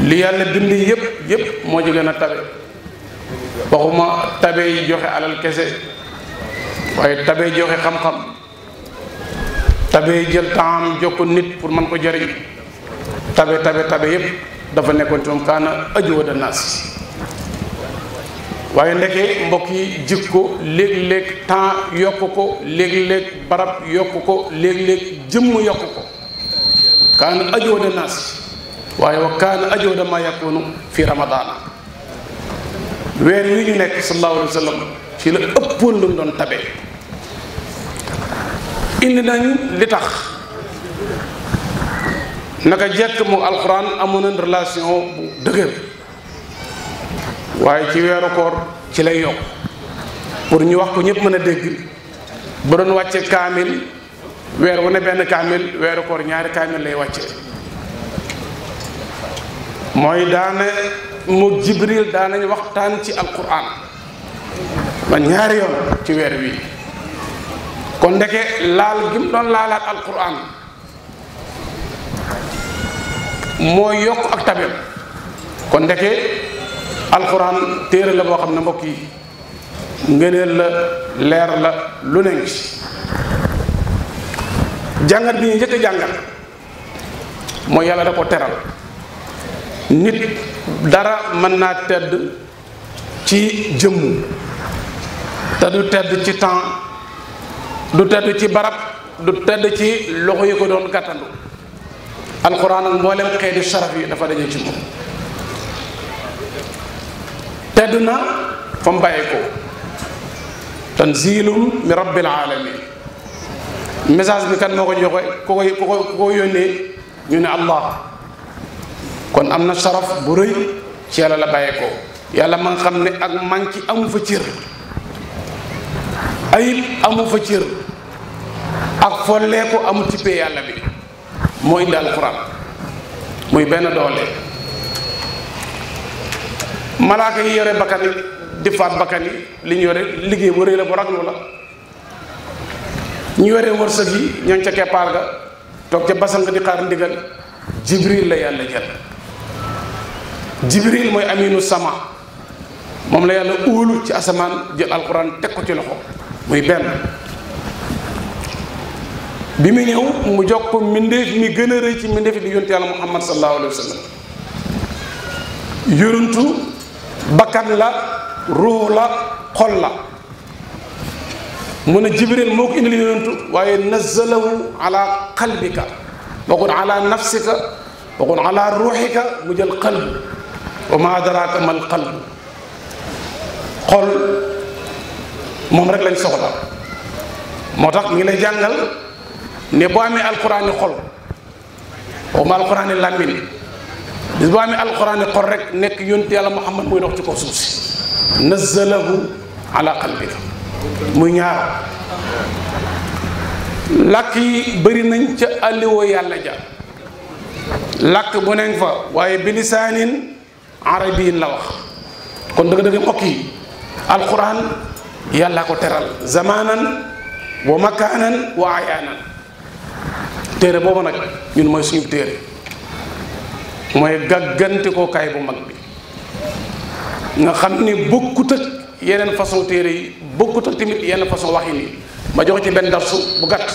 li yàlla bind yépp yépp moo ci gën a tabe waxuma tabe joxe alal kese waaye tabe joxe xam-xam tabe jël temps jox nit pour mën ko jëriñ tabe tabe tabe yépp dafa nekkoon ci moom kaana ajwada naas waaye ndeke mbokk yi jikko léeg-léeg temps yokk ko léeg-léeg barab yokk ko léeg-léeg jëmm yokk ko kaana ajooda naas waaye wa kaana ajooda maa yakunu fi ramadaana weer wi ñu nekk sallallahu alayhi wa ci la ëppoon lu doon tabe indi nañu li tax naka jekk mu alxuraan amoon na relation bu dëgër waaye ci weeru koor ci lay yokk pour ñu wax ko ñëpp mën a dégg bu doon wàcce kaamil weer wu ne benn kaamil weeru koor ñaari kaamil lay wàcce mooy daana mu jibril daanañ waxtaan ci alquran ba ñaari yoon ci weer wi kon ndeke laal gi mu doon laalaat alquran moo yokk ak tabel kon ndeke alxuraan téere la boo xam ne mbokk yi ngeneen la leer la lu ne ngi jàngat bi ñu njëkk jàngat mooy yàlla da ko teral nit dara mën naa tedd ci jëmm te du tedd ci temps du tedd ci barab du tedd ci loxo yi ko doon gàttandu alxuraan ak xeeti saraf yi dafa daje ci tedd na fa mu bàyyi ko tanzilum mi rabbil alamin message bi kan moo ko joxe ku koy ku ko yónnee ñu ne allah kon am na saraf bu rëy ci yàlla la bàyyi ko yàlla ma nga xam ne ak manki amu fa cër ayib amu fa cër ak folleeku amul tippee yàlla bi moo indi alxuraan muy benn doole malaaka yi yore bakkan yi di faat bakkan li ñu yore liggéey bu rëy la bu raglu la ñu yore wërsëg yi ñooñ ca keppaar ga toog ca basang di xaar ndigal jibril la yàlla jël jibril mooy aminu sama moom la yàlla óolu ci asamaan jël alxuraan teg ko ci loxo muy benn bi mu ñëw mu jox ko mbindeef mi gën a rëy ci mbindeef di yontu yàlla muhammad sallallahu alayhi wa sallam بكر لا روح لا خل لا من جبريل موك إن لي وينزله على قلبك بقول على نفسك بقول على روحك مجل قلب وما أدراك ما القلب قل ممرك لن سوغلا موتاك ني لي جانغال القران خول وما القران لامين bis boo amee alxuraan xor rek nekk yonent yàlla muhammad muy dox ci kaw suuf si nazalahu ala qalbika muy ñaar làkk yi bëri nañ ca alliwa yàlla ja làkk bu neñ fa waaye bi arabiyin la wax kon dëgg dëgg mbokk yi alxuraan yàlla ko teral zamanan wa makaanan wa ayaanan téere boobu nag ñun mooy suñu téere mooy gàggantikukaay bu mag bi nga xam ni bokkut ak yeneen façon téere yi bokkut ak tamit yenn façon waxin yi ma jox ci benn darsu bu gàtt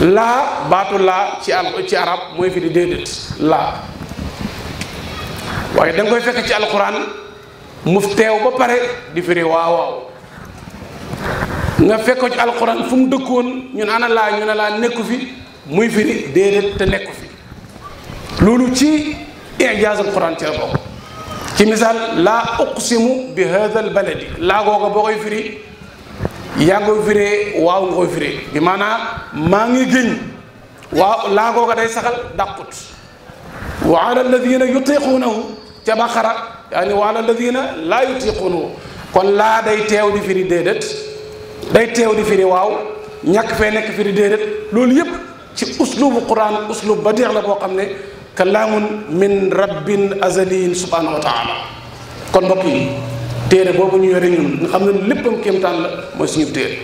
laa baatu laa ci al ci arab mooy fi di déedéet laa waaye da koy fekk ci alquran mu teew ba pare di firi waaw waaw nga fekk ko ci alquran fu mu dëkkoon ñun ana laa ñu ne laa nekku fi muy firi déedéet te nekku fi loolu ci ijaaz alquran ci la bokk ci misaal laa uqsimu bi hada al baladi laa googa boo koy firi yaa ngi waaw nga koy firee bi maanaam maa ngi géñ waaw laa googa day saxal dàqut wa ala alladina yutiqunahu ca baqara yaani wa ala alladina laa kon laa day teew di firi déedéet day teew di firi waaw ñàkk fee nekk firi déedéet loolu yépp ci uslubu quran uslub ba deex la boo xam ne kalaamun min rabbin azaliin subhaanahu wa kon mbokk yi téere boobu ñu yore ñun nga xam ne léppam kéemtaan la mooy suñu téere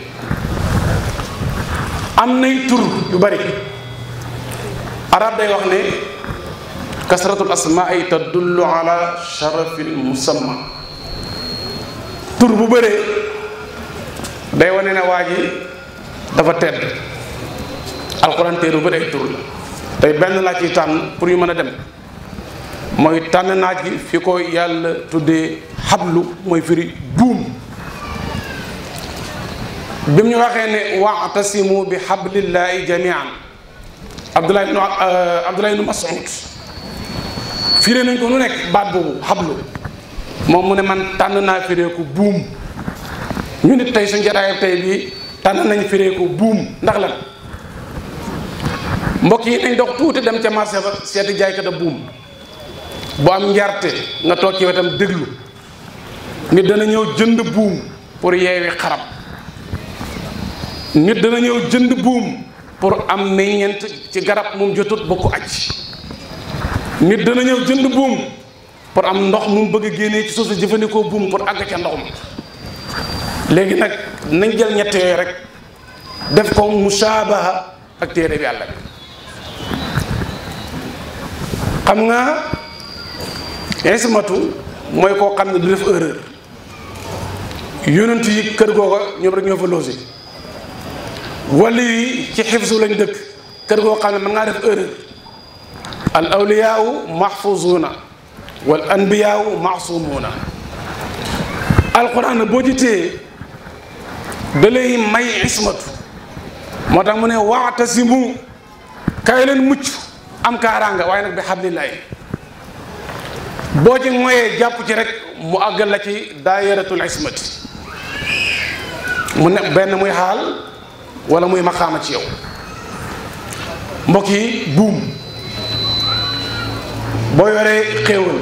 am nay tur yu bari arab day wax ne kasratul asmaai tadullu ala sharafil musamma tur bu bëree day wane ne waa ji dafa tedd alquran téere bu bëri ay tur la tey benn laa ciy tànn pour yu meuna dem moy tan naaj gi fi ko yàlla tuddé hablu moy firi buum bim ñu waxé ne waxtasimu bi xablillahi jamian abdullah ibnu abdullah ibn masud firé nañ ko nu nek baat boobu xablu moom mu ne man tan na firé ko buum ñu nit tay suñ jaraay tay bi tan nañ firé ko buum ndax lan mbokk yi nañ dox tuuti dem ca marché ba seeti jaaykat a buum bu am njarte nga toog ci wetam déglu nit dana ñëw jënd buum pour yeewi xarab nit dana ñëw jënd buum pour am meññeent ci garab moom jotut ba ko dana ñëw jënd buum pour am ndox mu bëgg a génnee ci suuf si jëfandikoo buum pour àgg ca ndox ma léegi nag nañ jël ñett rek def ko musaabaha ak téere bi yàlla xam nga ismatu mooy koo xam ne du def erreur yonent yi kër googa ñoom rek ñoo fa logé wala yi ci xifsu lañ dëkk kër goo xam ne mën ngaa def erreur al awliyaawu mahfuzuuna wal anbiyaawu mahsumuuna alquran boo ci téye da lay may ismatu moo tax mu ne waxtasimu kaay leen mucc am kaaraanga waaye nag bi xablillaay boo ci moyee jàpp ci rek mu àggal la ci daayiratul ismati mu ne benn muy xaal walla muy maqaama ci yow mbokk yi buum boo yoree xéewal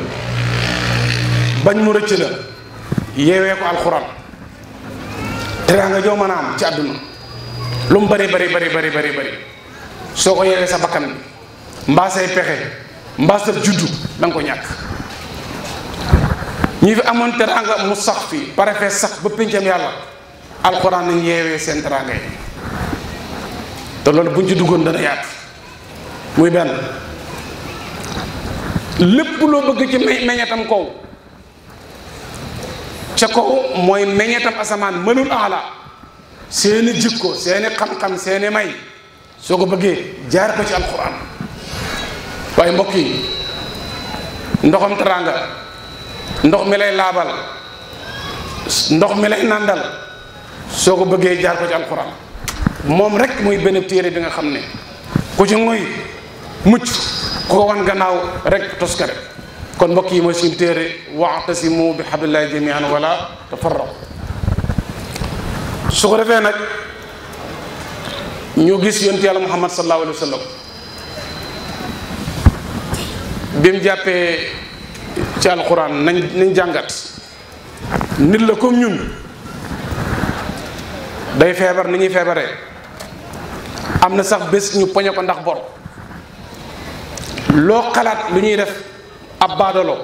bañ mu rëcc la yeewee ko alxuraan teraanga joo mën a am ci àdduna lu mu bari bari bari bari bari bari soo ko yeewee sa bakkan bi mbaa say pexe mbaa sa juddu da ko ñàkk ñi fi amoon teraanga mu sax fi pare fee sax ba péncam yàlla alxuraan nañ yeewee seen teraanga yi te loolu buñ ci duggoon dana yaatu muy benn lépp loo bëgg ci meññetam kaw ca kaw mooy meññetam asamaan mënul ala seeni jig ko seeni xam-xam seeni may soo ko bëggee jaar ko ci alxuraan waaye mbokk yi ndoxam teraanga ndox mi lay laabal ndox mi lay nàndal soo ko bëggee jaar ko ci alxuraan moom rek muy benn téere bi nga xam ne ku ci ngoy mucc ku ko wan gannaaw rek toskare kon mbokk yi mooy suñu téere wa'tasimu bi hablillahi jami'an wala tafarraqu su ko defee nag ñu gis yonent yàlla muhammad sa alayhi wa sallam bi mu jàppee ci alxuraan nañ nañ jàngat nit la comme ñun day feebar ni ñuy feebaree am na sax bés ñu poñe ko ndax bor loo xalaat lu ñuy def ab baadolo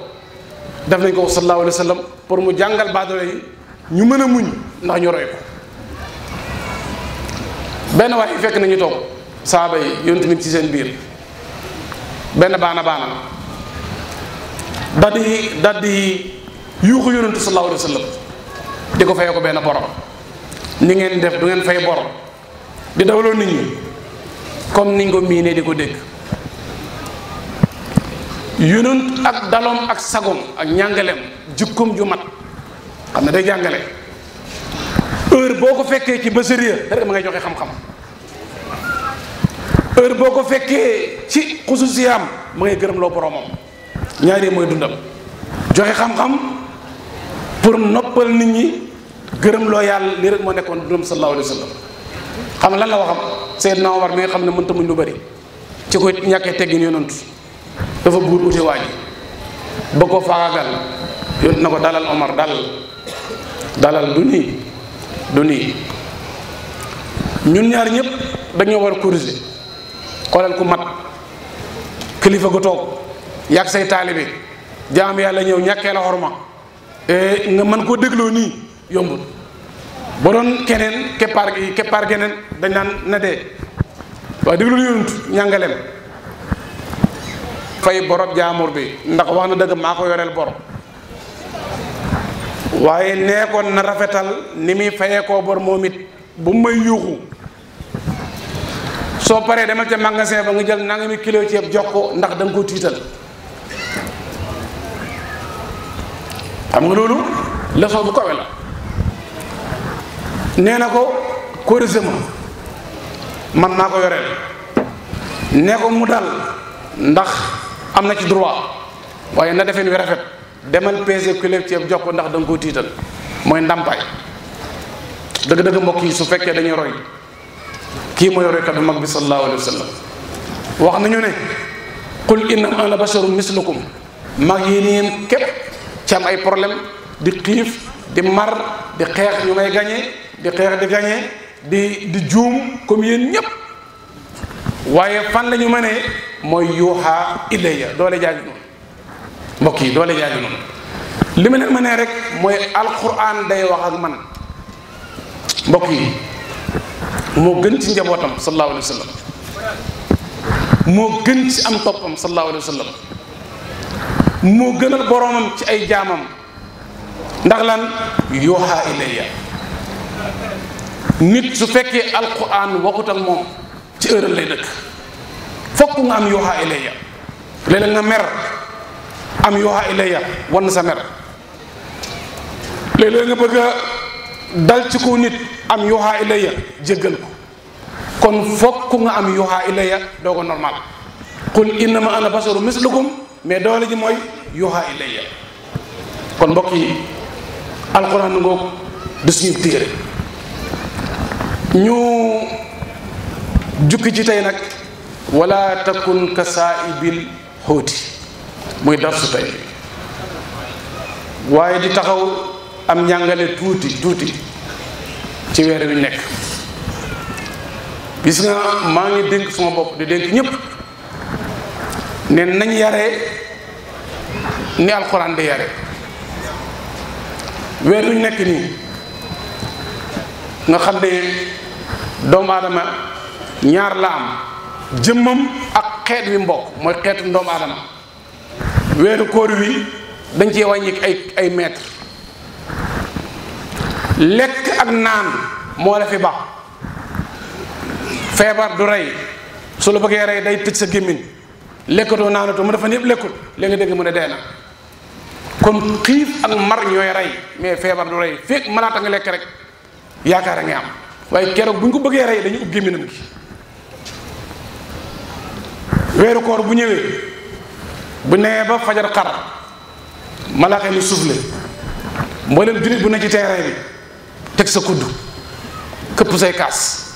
def nañ ko sallallahu alayhi pour mu jàngal baadolo yi ñu mën a muñ ndax ñu benn waay yi fekk nañu toog saaba yi yonent mi ci seen biir benn baana baana daal di daal di yuuxu yonentu sallallahu alayhi wa di ko fayee ko benn borom ni ngeen def du ngeen fay borom di dawloo nit ñi comme niñ ko miinee di ko dégg yonent ak daloom ak sagom ak ñàngaleem jikkoom ju mat xam ne day jàngale heure boo ko fekkee ci baseria rek ma ngay joxe xam-xam heure boo ko fekkee ci xususiyaam ma ngay gërëm loo boromam ñaari mooy dundam joxe xam-xam pour noppal nit ñi gërëm loo yàlla li rek moo nekkoon dundam sallallahu alayhi wa sallam xam lan la waxam Seydina Omar mi nga xam ne mënta muñ lu bari ci ko ñàkkee teggin yonantu dafa buur ute waa ji ba ko faagagal yont na ko dalal Omar dalal dalal du nii ñun ñaar ñëpp dañoo war a corriger xoolal ku mat kilifa ku toog yàgg say bi jaam yàlla ñëw ñàkkee la ma e, nga mën koo dégloo nii yombul ba doon keneen keppaar gi keppaar keneen dañ naan na dee waaye déglul yonent ñàngaleem fay borob jaamur bi ndax wax na dëgg maa ko yoreel bor waaye nee ko na rafetal ni muy fayee koo bor moom it bu may yuuxu soo paree demal ca magasin ba nga jël nangami kilo ceeb jox ko ndax da koo ko tiital xam nga loolu leçon bu kawe la nee na ko corrigé ma man naa ko yoreel ne ko mu dal ndax am na ci droit waaye na defeen wi rafet demal pese kiléb ceeb jox ko ndax da nga tiital mooy ndàmpaay dëgg-dëgg mbokk yi su fekkee dañuy roy kii mooy roykat bu mag bi sallallahu alayhi wa sallam wax nañu ne qul innama ana basharun mislukum mag yi nii képp ci am ay problème di xiif di mar di xeex ñu may gagné di xeex di gagné di di joom comme yeen ñep waye fan lañu mëne moy yuha ilayya doole jaagi non mbokk yi doole jaagi noonu li ma rek moy alquran day wax ak man mbokk yi moo gën ci njabotam sallallahu alaihi wasallam mo gën ci am topam sallallahu alaihi wasallam moo gënal boromam ci ay jaamam ndax lan yuuxa ilayya nit su fekkee alquran waxut ak moom ci ëral lay dëkk fokk nga am yuuxa ilayya léeg-léeg nga mer am yuuxa ilayya wan sa mer léeg-léeg nga bëgg dal ci ko nit am yuuxa ilayya jéggal ko kon fokk nga am yuuxa ilayya doo ko normal qul innama ana basaru mislukum mais doole ji mooy yuuxa ilayya kon mbokk yi alxuraan ngoog du suñu téere ñu jukki ci tey nag walla takun ka saaibil xóoti muy darsu tey waaye di taxaw am njàngale tuuti tuuti ci weer wi nekk bis nga maa ngi dénk sama bopp di dénk ñëpp ne nañ yare ni alxuraan di yare weer luñ nekk nii nga xam ne doomu aadama ñaar la am jëmmam ak xeet wi mbokk mooy xeetu doomu aadama weeru kóor wi dañ ci wàññi ay ay lekk ak naan moo la fi baax feebar du rey su la bëggee rey day tëj sa gémmiñ lekkatoo naanatoo mu dafa yëpp lekkul léegi nga dégg mu ne dee na kon xiif ak mar ñooy rey mais feebar du rey fekk malaata nga lekk rek yaakaar a nga am waaye keroog bu ko bëggee rey dañuy ub gémminam gi weeru koor bu ñëwee bu nee ba fajar xar malaaka ni soufflé mboolem jullit bu ne ci terrain bi teg sa kuddu këpp say kaas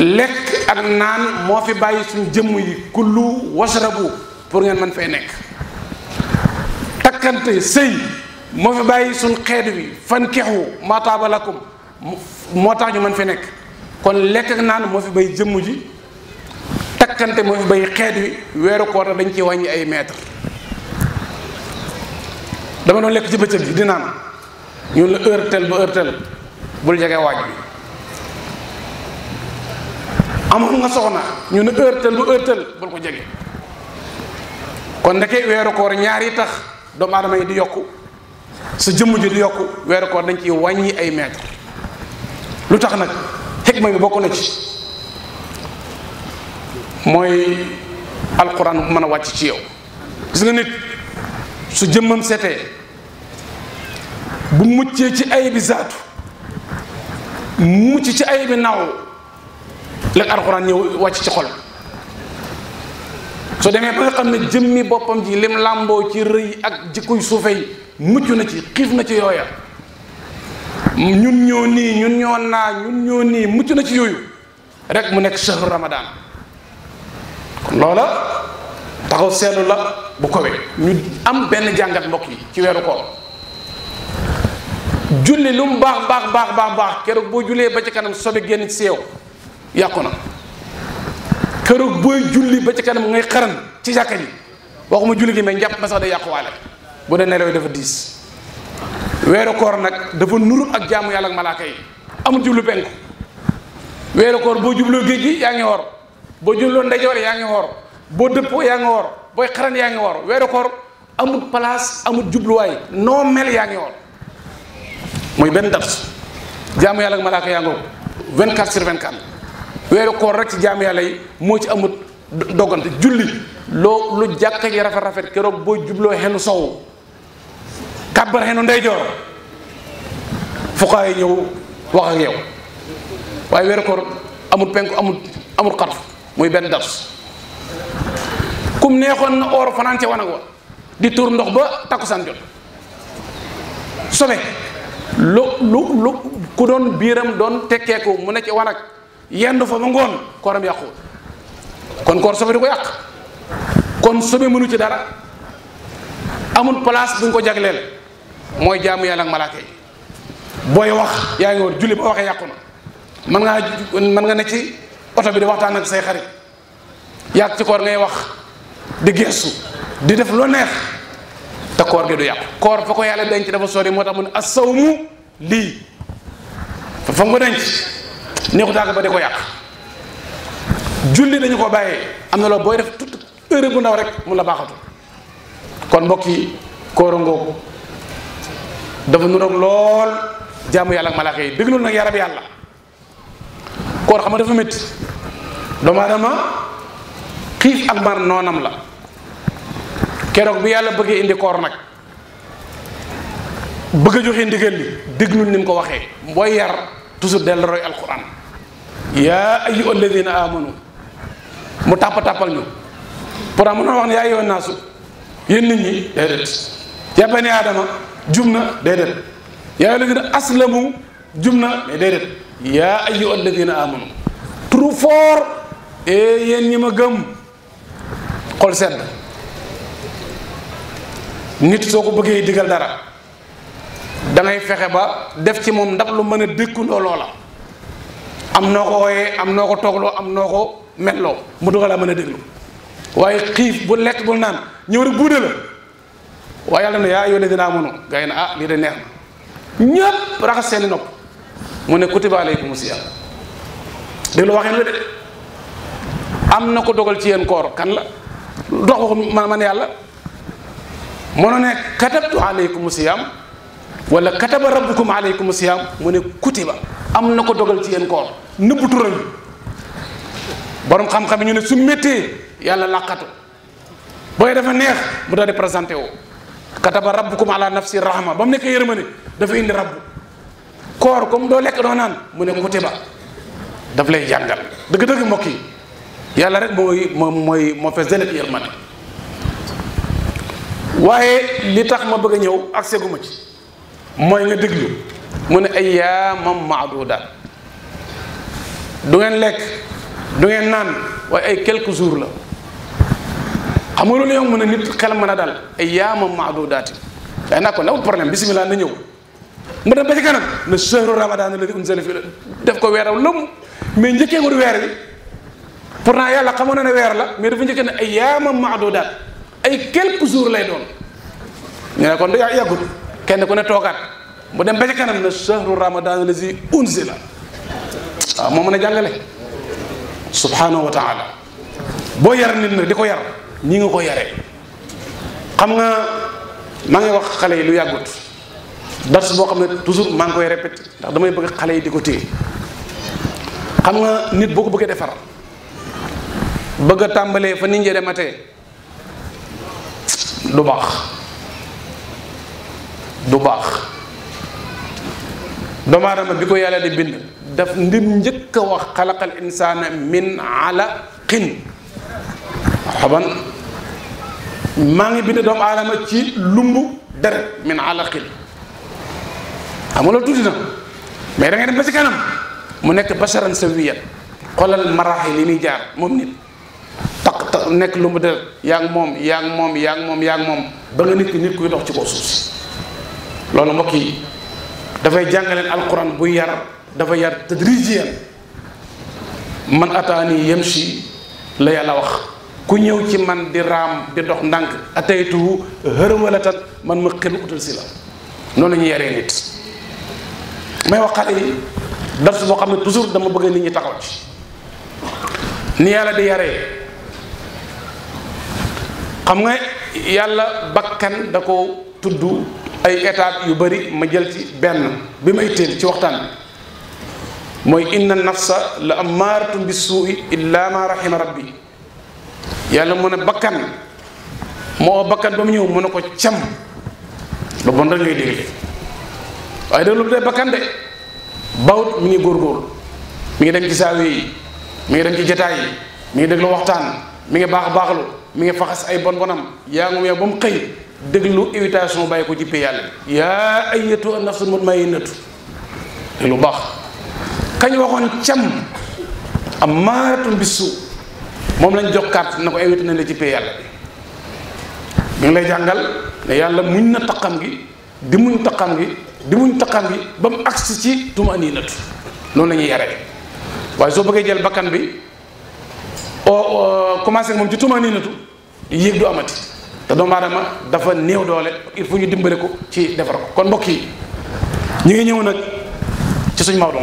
lekk ak naan moo fi bàyyi suñ jëmm yi kullu wasrabu pour ngeen man fee nekk takkante sëy moo fi bàyyi suñ xeet wi fankexu maa taaba lakum moo tax ñu man fay nekk kon lekk ak naan moo fi bay jëmm ji takkante moo fi bay xeet wi weeru koor na dañ ci wàññi ay mètre dama doon lekk ci bëccëg bi di naan ñun la heure tel ba heure bul jege waaj am amoon nga soxna ñu ne heurtal bu heurtal bul ko jege kon ndeke weeru ñaar yi tax doomu aadama yi di yokku sa jëmm ji di yokku weeru koor dañ ciy wàññi ay mètre lu tax nag xikma bi bokk na ci mooy alquran bu mën a wàcc ci yow gis nga nit su jëmmam muccee ci ay bi zaatu mucc ci ay bi naaw léegi alxuraan ñëw wàcc ci xol soo demee ba nga xam ne jëmmi boppam ji lim làmboo ci rëy ak jikkuy suufe yi mucc na ci xiif na ci yooya ñun ñoo nii ñun ñoo naa ñun ñoo nii mucc na ci yooyu rek mu nekk shahru ramadaan kon loola taxaw seetlu la bu kowe ñu am benn jàngat mbokk yi ci weeru koor julli lu mu baax baax baax baax baax keroog boo jullee ba ci kanam sobe génn ci yàqu na këroog booy julli ba ci kanam ngay xaran ci jàkka ji waxuma julli gi mais njàpp ma sax day yàquwaale bu ne nelaw dafa diis weeru koor nag dafa nuru ak jaamu yàlla ak malaaka yi amul jublu penku weeru boo jubloo géej gi yaa ngi woor boo jubloo ndeyjoor yaa ngi woor boo dëppoo yaa ngi woor booy xaran yaa ngi woor weeru koor amul place amul jubluwaay noo mel yaa ngi benn dars jaamu yàlla ak malaaka yaa ngi woor 24 sur 24 wéru koor rek ci jaam yalla yi mo ci amut dogante julli lo lu jakk ji rafa rafet kéro boo jublo xenu sow kabar xenu ndeyjoor fuqaa yi ñëw wax ak yow way wéru koor amut penku amut amul xat muy ben dars kum neexon na or fanaan ca wanago di tour ndox ba takusan jot sobe lu lu lu ku don don don tekeku mu ne ci wanak yendo fa ngon koram yakku kon kor sobe du ko yak kon sobe munu ci dara amun place buñ ko jaglel moy jaamu yalla ak malaaka boy wax ya nga war julli ba waxee yakuna man nga man nga ne ci auto bi di waxtan ak say xarit yak ci kor ngay wax di gestu di def lo neex ta kor gi du yak kor fa ko yalla denc dafa sori moo tax fa fa ngo denc neexu tànk ba di ko yàq julli dañu ko bàyyee am na loolu booy def toute heure bu ndaw rek mu la baaxatu kon mbokk yi kóorangoogu dafa nuroog lool jàmm yàlla ak malaaka yi déglul nag yarab yàlla koor xam nga dafa métti doomu aadama xiif ak mar noonam la keroog bi yàlla bëggee indi koor nag bëgg a joxe ndigal li déglu ni mu ko waxee booy yar toujours del roy alquran yaa ayyuha alladina amanu mu tàpp tàppal ñu pourtant mënoon wax ne yaa ayyuha naasu yéen nit ñi déedéet yaa bani aadama jum na déedéet yaa alladina aslamu na mais déedéet yaa ayyuha alladina amanu trop fort eh, ñi ma gëm xol sedd nit soo ko bëggee digal dara da fexe ba def ci moom ndax lu mën a dékkundoo loola am noo ko wooyee am noo ko toog loo am noo ko melloo mu doog mën a déglu waaye xiif bu lekk bul naan ñëw rek buude la waaye yàlla na yaa yow dinaa mënu gars ne ah lii de neex na raxas seeni nopp mu ne kutiba aleykum siyaam am na ko dogal ci yéen koor kan la dox yàlla mënoo ne katabtu aleykum siyaam wala kataba rabbukum aleykum siyaam mu ne kutiba am na ko dogal ci yéen koor nëbbu turam borom xam-xam yi ñu ne su méttee yàlla làqatu booy dafa neex mu daal di présenté woo kataba rabbukum ala nafsi rahma ba mu nekk yërmande dafa indi rabbu koor comme doo lekk doo naan mu ne ba daf lay jàngal dëgg-dëgg mbokk yàlla rek mooy moom mooy moo fees dell ak waaye li tax ma bëgg a ñëw accès gu ma ci. mooy nga déglu mu ne ayyaaman maadudaat du ngeen lekk du ngeen naan waaye ay quelques jours la xam nga loolu yow mu ne nit xel mën a dal ayyaaman maadudaat waaye naa ko nawul problème bisimilah na ñëw mu dem ba ci kanam ne shahru ramadan alladi unzila fi def ko weeraw lëmm mais njëkkeewul weer bi pourtant yàlla xamoon na ne weer la mais dafa njëkkee ne ayyaaman maadudaat ay quelques jours lay doon ñu ne kon du yàggut kenn ku ne toogaat mu dem ba ca kanam na shahru ramadan allazi la waaw moo mën a jàngale subhanahu wa boo yar nit nag di ko yar ñi nga ko yare xam nga maa ngi wax xale yi lu yàggut dars boo xam ne toujours maa ngi koy répété ndax damay bëgg xale yi di ko téye xam nga nit boo ko bëggee defar bëgg a tàmbalee fa nit ñi dematee du baax du baax doomu aadama bi ko yàlla di bind daf ndim njëkk a wax xalaqal insaana min alaqin xaban maa ngi bind doomu aadama ci lumbu der min alaqin kin. tuuti na mais da ngay dem ba ci kanam mu nekk basaran sawiyat xoolal maraaxi li muy jaar moom nit tak tak nekk lumbu yang yaa ngi moom yaa ngi moom yaa ngi moom yaa ngi moom ba nga nit kuy dox ci kaw suuf loolu mbokk yi dafay jàngaleen alquran buy yar dafa yar tadrijiyan man ataani si la yàlla wax ku ñëw ci man di raam di dox ndànk ataytuhu hërmalatan man ma xel utal si la noonu la ñuy yaree nit may wax yi dars boo xam ne toujours dama bëgg nit ñi taxaw ci ni yàlla di yare xam nga yàlla bakkan da ko tudd ay étapes yu bari ma jël ci benn bi ma teel ci waxtaan bi mooy inna nafsa la am ammaaratum bi suu'i illa ma rahima rabbi yàlla mu ne bakkan moo bakkan ba mu ñëw mu ne ko cam lu bon rek ngay dégg waaye da lu dee bakkan de bawut mi ngi góor góor mi ngi dem ci saawe yi mi ngi dem ci jataay yi mi ngi déglu waxtaan mi ngi baax baaxlu mi ngi faxas ay bon bonam yaa ngi yow ba mu xëy déglu invitation bàyyi ko ci pay yàlla bi yaa ayyatu an-nafsul mutmainnatu te lu baax kañ waxoon cam am maaratun bisu moom lañ jox carte na ko invité nañ la ci yàlla bi mi ngi lay jàngal ne yàlla muñ na taqam gi di muñ taqam gi di muñ taqam gi ba mu agsi ci tumaaniinatu noonu la ñuy yaree waaye soo bëggee jël bakkan bi o commencé moom ci tumaaniinatu yéeg du amati te doomu aadama dafa néew doole il faut ñu dimbale ko ci defar ko kon mbokk yi ñu ngi ñëw nag ci suñ Maodo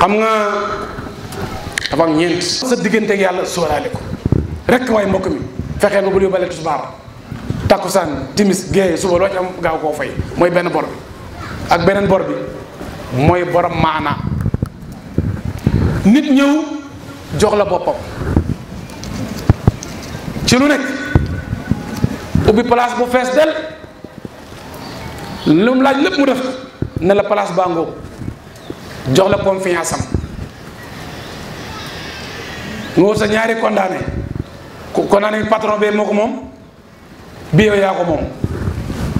xam nga dafa am ñeent. sa diggante ak yàlla sóoraale ko rek waaye mbokk mi fexeel ba bu ñu balee tisbaar takkusaan timis géeye suba loo ci am gaaw koo fay mooy benn bor bi ak beneen bor bi mooy borom maanaa nit ñëw jox la boppam. ci lu nekk ubbi place bu fees del lu mu laaj lépp mu def ne la place baa ngoo jox la confiance am nga wut sa ñaari condamné condamné bi patron bee moo ko moom bi yow yaa ko moom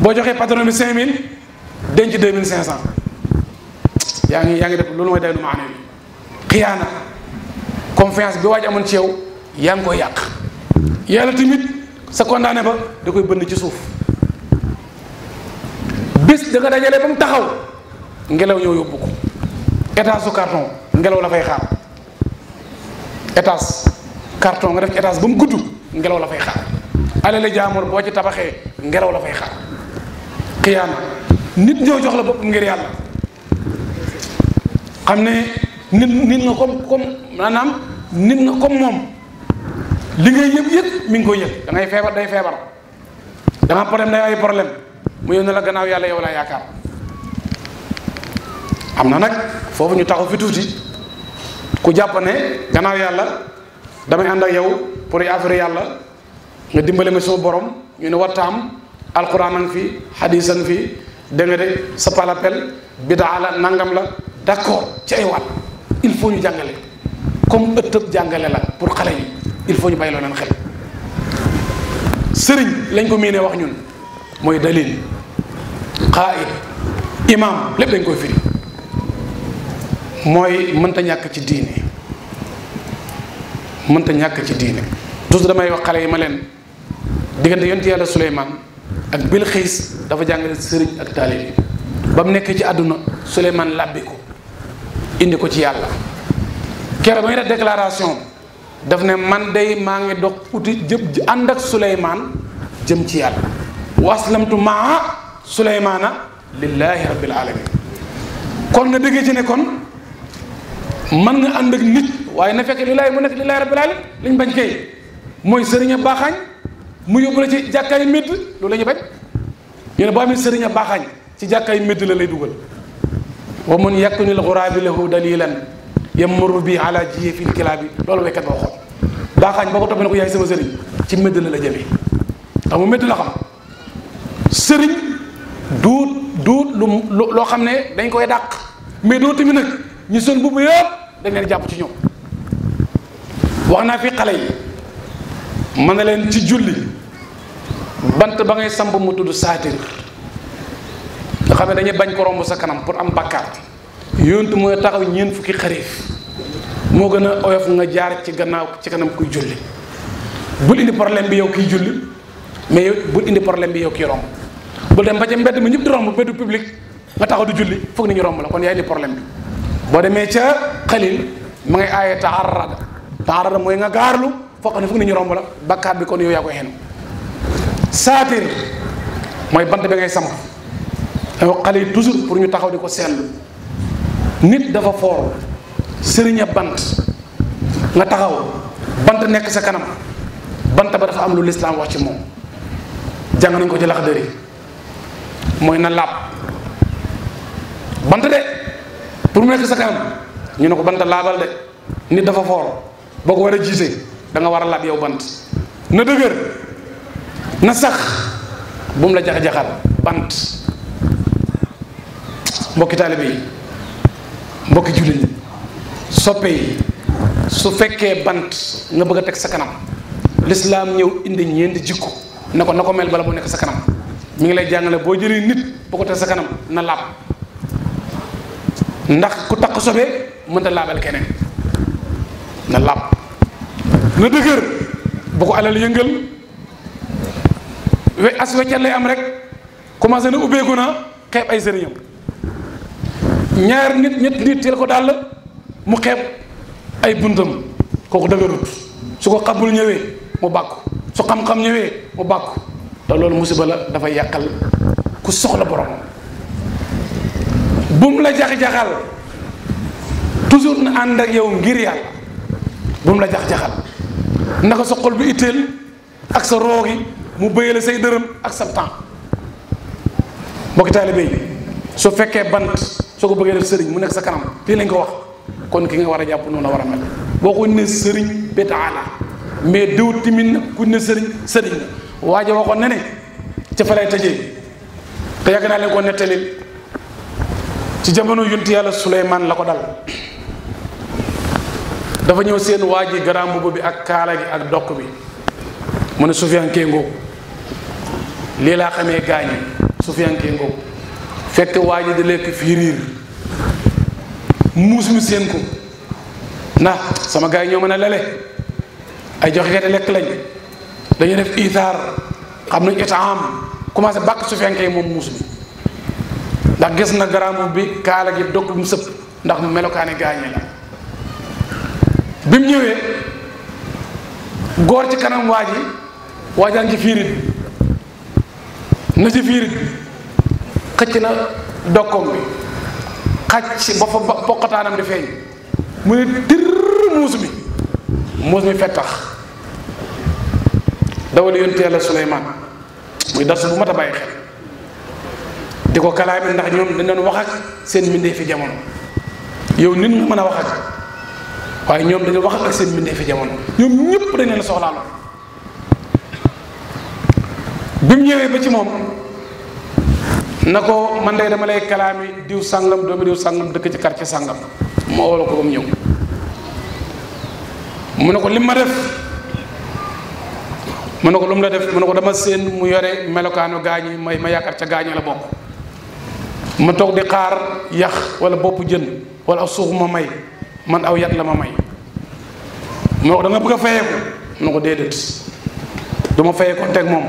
boo joxee patron bi 5000 denc 2500 yaa ngi yaa ngi def loolu mooy day nu confiance bi waaj amoon ci yow yaa ngi koy yàq. yàlla tamit sa condamné ba da koy bënn ci suuf bis da nga dajale ba mu taxaw ngelaw ñëw yóbbu ko étage su ngelaw la fay xaar étage carton nga def ci étage ba mu gudd ngelaw la fay xaar alale jaamur boo ci tabaxee ngelaw la fay xaar xiyaama nit ñoo jox la bopp ngir yàlla xam ne nit nit nga comme comme maanaam nit nga comme moom li ngay yëg yëg mi ngi ko yëg da feebar day feebar dama am problème day ay problème mu yëg na la gannaaw yàlla yow la yaakaar am na nag foofu ñu taxaw fi tuuti ku jàpp ne gannaaw yàlla damay ànd ak yow pour affaire yàlla nga dimbale ma sama borom ñu ne wattaam alquran a ngi fi hadis a ngi fi de sa palapel nangam la d' accord ci ay il faut ñu jàngale comme ëttëb jàngale la pour xale yi. il faut ñu bàyyi loo leen xel sëriñ lañ ko miinee wax ñun mooy dalil xaayit imaam lépp dañ koy firi mooy mënta ñàkk ci diine mënta ñàkk ci diine toujours damay wax xale yi ma leen diggante yonti yàlla Suleymaan ak Bilxiis dafa jàngale sëriñ ak taalibe ba mu nekkee ci àdduna Suleymaan làbbi ko indi ko ci yàlla keroog ba ñu def déclaration daf ne man day ma ngi dox uti jëm ànd ak sulayman jëm ci yalla waslamtu ma sulaymana lillahi rabbil alamin kon nga dege ci ne kon man nga ànd ak nit waye na fekk lillahi mu nek lillahi rabbil alamin liñ bañ kay moy serigne baxañ mu yobul ci jakkay med lu lañu bañ yene ne boo serigne baxañ ci jakkay med la lay dugal wa mun yakunil ghurabi lahu dalilan yamuru bi ala jiye fil kilaabi loolu waykat ba waxoon daaxaañ boo ko toppee ne ko yaay sama sëriñ ci medd na la jëmee xam nga médd la xam sëriñ duut duut lu loo xam ne dañ koy dàq mais doo nag ñu son bubu yëpp dañ leen jàpp ci ñoom wax naa fi xale yi mën na leen ci julli bant ba ngay samp mu tudd saatir nga xam ne dañuy bañ ko romb sa kanam pour am bàkkaar yontu mooy taxaw ñeent fukki xarif moo gën a oyof nga jaar ci gannaaw ci kanam kuy julli bul indi problème bi yow kiy julli mais yow bul indi problème bi yow kiy romb bul dem ba ca mbedd mi ñëpp di romb mbeddu taxaw di julli foog nit romb la kon yaay indi bi boo demee ca xalil ma ngay aaye taarada taarada mooy nga gaarlu foo xam ne foog nit ñi romb la bakkaat bi kon yow yaa koy xenu saatir mooy bant bi ngay samp xale yi toujours pour ñu taxaw di ko seetlu nit dafa foor sëriñ bant nga taxaw bant nekk sa kanam bant ba dafa am lu lislaam wax ci moom jàng nañ ko ci laxdari mooy na laab bant de pour mu nekk sa kanam ñu ne ko bant laabal de nit dafa foor boo ko war a jiite da nga war a laab yow bant na dëgër na sax bu mu la jax-jaxal bant mbokki taalibe yi mbokki jullit yi soppe yi su fekkee bant nga bëgg a teg sa kanam lislaam ñëw indi ñeenti jikko na ko na ko mel bala mu nekk sa kanam mu ngi lay jàngale boo jëlee nit boo ko teg sa kanam na laab ndax ku takk sobe mënta laabal keneen na laab na dëgër bu ko alal yëngal we as weccal am rek commencé na ubbeeku na xeeb ay sëriñam ñaar nit ñett nit teel ko daal mu xeeb ay buntam kooku dëgërut su ko xabul ñëwee mu bàkku su xam-xam ñëwee mu bàkku te loolu musiba la dafa yàqal ku soxla borom bum la jax-jaxal toujours na ànd ak yow ngir yàlla bum la jax-jaxal naka sa xol bi itteel ak sa roogi mu bëyale say dërëm ak sa temps mbokki taalibe yi su fekkee bant soo ko bëggee def sëriñ mu nekk sa kanam fii lañ ko wax kon ki nga war a jàpp noonu la war a mel boo ko ne sëriñ bidaa la mais diw timin na ku ne sëriñ sëriñ la waxoon na ne ca fa lay tëjee te yàgg naa leen ko nettalil ci jamono yunti yàlla Suleymaan la ko dal dafa ñëw seen waa ji garaam bi ak kaala gi ak dokk bi mu ne Sufyaan Kéngo lii laa xamee gaañi Sufyaan Kéngo fekk waa ji di lekk firiir muus mi seen ko ndax sama gaa yi ñoo mën a lele ay joxe kete lekk lañ dañuy def itaar xam nañ itaam commencé bàkk su fenkee moom muus mi ndax gis na garaamu bi kaala gi dog mu sëp ndax melokaani gaañe la bi mu ñëwee góor ci kanam waa ji waajaan ci fiirit na ci fiirit xëcc na dokkom bi xacc ba fa poqataanam di feeñ mu ne dërr muus mi muus mi fettax dawal yonte yàlla Suleymaan muy darsu bu mat a bàyyi xel di ko kalaami ndax ñoom dañ doon wax ak seen mbindeefi jamono yow nit nga mën a wax ak waaye ñoom dañu wax ak seen mbindeefi jamono ñoom ñëpp dañ bi mu ñëwee ba ci moom na ko man day dama lay kalaami diw sàngam doomi diw sàngam dëkk ci quartier sàngam mu woo ko ba mu ñëw mu ne ko lim ma def mu ne ko lu la def mu ne ko dama seen mu yore melokaanu gaañi may ma yaakaar ca gaañi la bokk ma toog di xaar yax wala bopp jën wala aw suuf ma may man aw yat la ma may mu ne ko da bëgg a fayee ko mu ne ko déedéet du ma fayee ko teg moom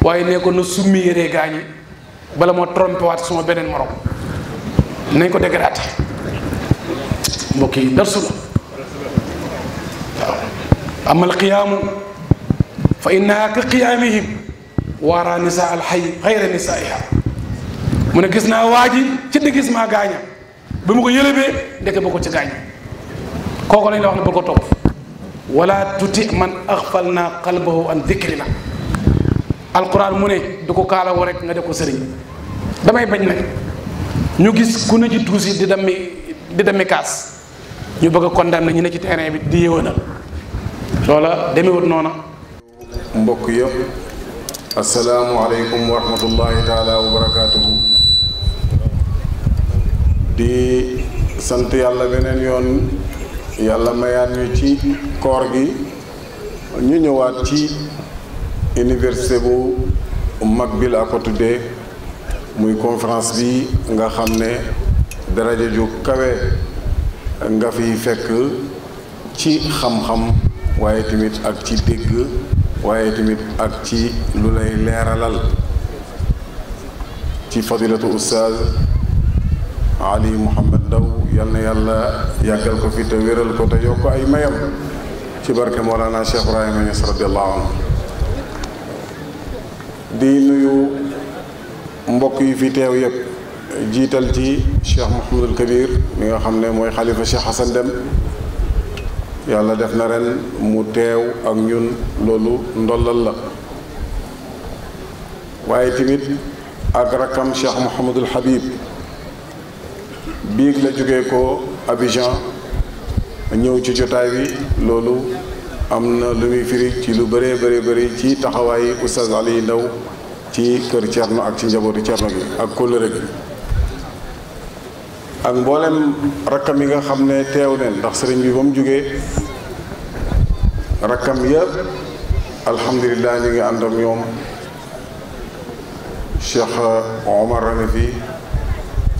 waaye nee ko na summi yéree gaañi bala moo trompé waat suma beneen morom nañ ko dégrate mbokk yi darsu la waaw ama alqiyaamu fa innaha ka qiyaamihim waara nisa alxay xayra nisaiha mu ne gis naa waa ji ci di gis maa gaaña bi mu ko yëlëbee ndeke ba ko ci gaañ kooku lañ la wax ne ba ko topp wala tuti man axfal naa qalbahu an dikrina alquran mu ne du ko kaalawu rek nga def ko sëriñ damay bañ nag ñu gis ku ne ci tuusi di demmi di demmi kaas ñu bëgg a condamné ñu ne ci terrain bi di yéwénal loola demewut noona mbokk yëpp asalaamualeykum wa rahmatullahi taala wa barakaatuhu di sant yàlla beneen yoon yàlla mayaat ñu ci koor gi ñu ñëwaat ci université bu mag bi laa ko tuddee muy conférence bi nga xam ne daraja ju kawe nga fi fekk ci xam-xam waaye tamit ak ci dégg waaye tamit ak ci lu lay leeralal ci fadilatu oustaz ali mouhamad ndaw yal na yàlla yàggal ko fi te wéral ko te yokk ay mayam ci barke moolana cheikh ibrahima ñas radiallahu anhu di nuyu mbokk yi fi teew yëpp jiital ci Cheikh Mouhamadul Kabir mi nga xam ne mooy xalifa Cheikh Hassan Deme yàlla def na ren mu teew ak ñun loolu ndollal la waaye tamit ak rakkam Cheikh Mouhamadul Habib biig la jóge ko Abidjan ñëw ci jotaay bi loolu am na lu muy ci lu bëree bëri bëri ci taxawaayu oustaz Aliou Ndaw ci kër Thierno ak ci njabootu Thierno bi ak kóllëre gi ak mboolem rakkam yi nga xam ne teew neen ndax sëriñ bi ba mu jógee rakkam yëpp ñu ngi ànd ak ñoom Cheikh Omar rani fi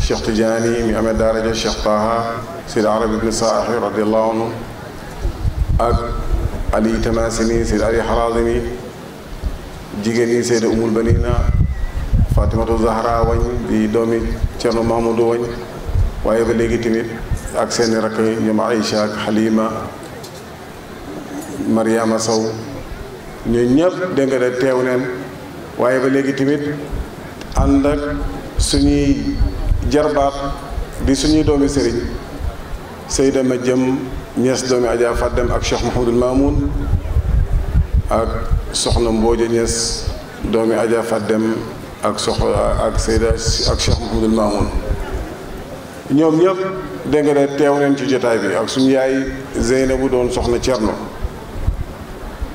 Cheikh Tidiane mi amee daara ja Cheikh Taha Sidi Arabi ibn Saahi radiallahu anhu ak ali tanasini seyd ali harazimi jigéen ñi seyd umul banina fatimatu zahra wañ di doomi cerno mahmudou wañ waaye ba léegi tamit ak seeni rakk ñoom aïcha ak xalima mariama sow ñoo ñëpp dégg de teew neen waaye ba léegi tamit ànd ak suñuy jarbaat di suñuy doomi sëriñ Seyda ma jëm ñees doomi Adja Fadem ak Cheikh Mouhamadul Mamoun ak soxna Mbooja ñees doomi Adja Fadem ak soxna ak Seyda ak Cheikh Mouhamadul Mamoun ñoom ñëpp dégg nga ci jotaay bi ak suñu yaay bu doon soxna Cerno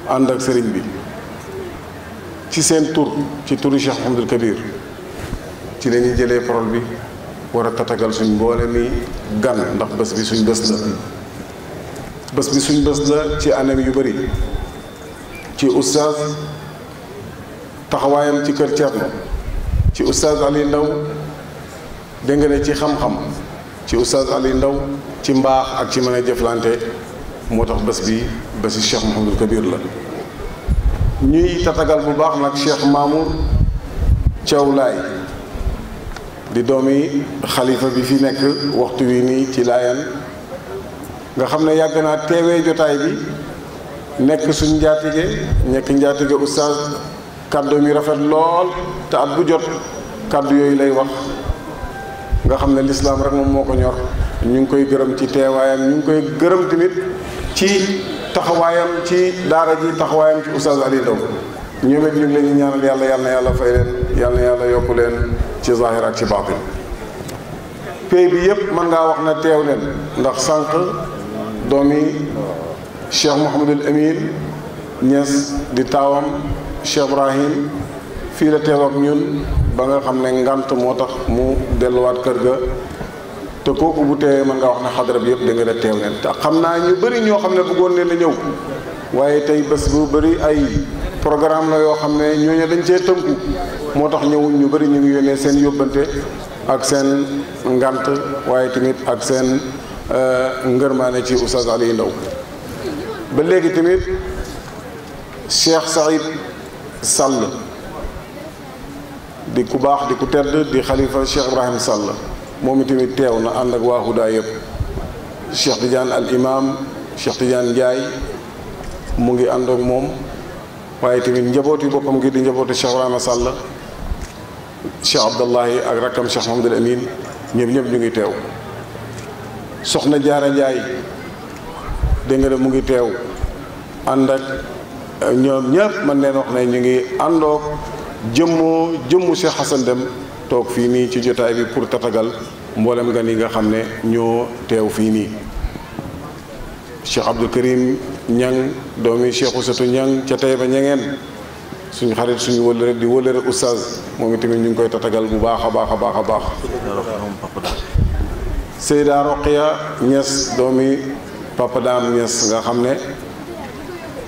ànd ak sëriñ bi ci seen tur ci turu Cheikh Mouhamadul Kabir ci la ñuy jëlee parole bi war a tatagal suñ mboole mi gan ndax bés bi suñ bés la bi suñ bés ci anam yu bari ci oustaz taxawaayam ci kër Thierno ci oustaz Ali Ndaw dégg nga ne ci xam-xam ci oustaz Ali Ndaw ci mbaax ak ci mën a jëflante moo tax bés bi bési Cheikh Mouhamadul Kabir la ñuy tatagal bu baax nag Cheikh Mamour Thiaw di doomi xalifa bi fi nekk waxtu wi nii ci layan nga xam ne yàgg naa teewee jotaay bi nekk suñ njaatige nekk njaatige oustaz kàddu mi rafet lool te at bu jot kàddu yooyu lay wax nga xam ne lislaam rek moom moo ko ñor ñu ngi koy gërëm ci teewaayam ñu ngi koy gërëm tamit ci taxawaayam ci daara ji taxawaayam ci oustaz Aliou Ndao ñoom it ñu ngi leen ñaanal yàlla yàlla na yàlla fay leen yàlla na yàlla yokku leen ci zahir ak ci baatin pay bi yépp mën ngaa wax na teew leen ndax sànq doomi cheikh Mouhamadul Amine Niass di taawam cheikh Ibrahim fii la teew ak ñun ba nga xam ne ngant moo tax mu delluwaat kër ga te kooku bu teewee mën ngaa wax ne xadara bi yëpp da nga la teew leen te xam naa ñu bëri ñoo xam ne bëggoon leen a ñëw waaye tey bés bu bëri ay programme la yoo xam ne ñooñu dañ cee tënku moo tax ñëwuñ ñu bëri ñu ngi yónnee seen yóbbante ak seen ngant waaye tamit ak seen euh, ngërmaane ci Oustaz Aliou ndaw ba léegi tamit Cheikh Saïd Sall di ku baax di ku tedd di xalifa Cheikh Ibrahim Sall moom itamit teew na ànd ak waa Huda yëpp Cheikh Tidiane al imam Cheikh Tidiane Ndiaye mu ngi àndook moom waaye tamit njaboot yi boppam gi di njabootu Cheikh Ibrahima Sall cheikh abdallah ak rakam cheikh mahamadul amin ñepp ñepp ñu ngi tew soxna jaara njaay de nga mu ngi tew ànd ak euh, ñoom man leen wax ne ñu ngi ando jëmmo jëmmu cheikh xasan dem tok fi ni ci jotaay bi pour tatagal mbolam gan yi nga xamne ne ñoo teew fii nii cheikh abdou karim ñang doomi cheikh usatu ñang ca tay ba ñangeen suñu xarit suñu wëllëre di wëllëre moo ngi tamit ñu ngi koy tatagal bu baax a baax a baax a baax Seyda Roqiya Ñas doomi Papa Dame Ñas nga xam ne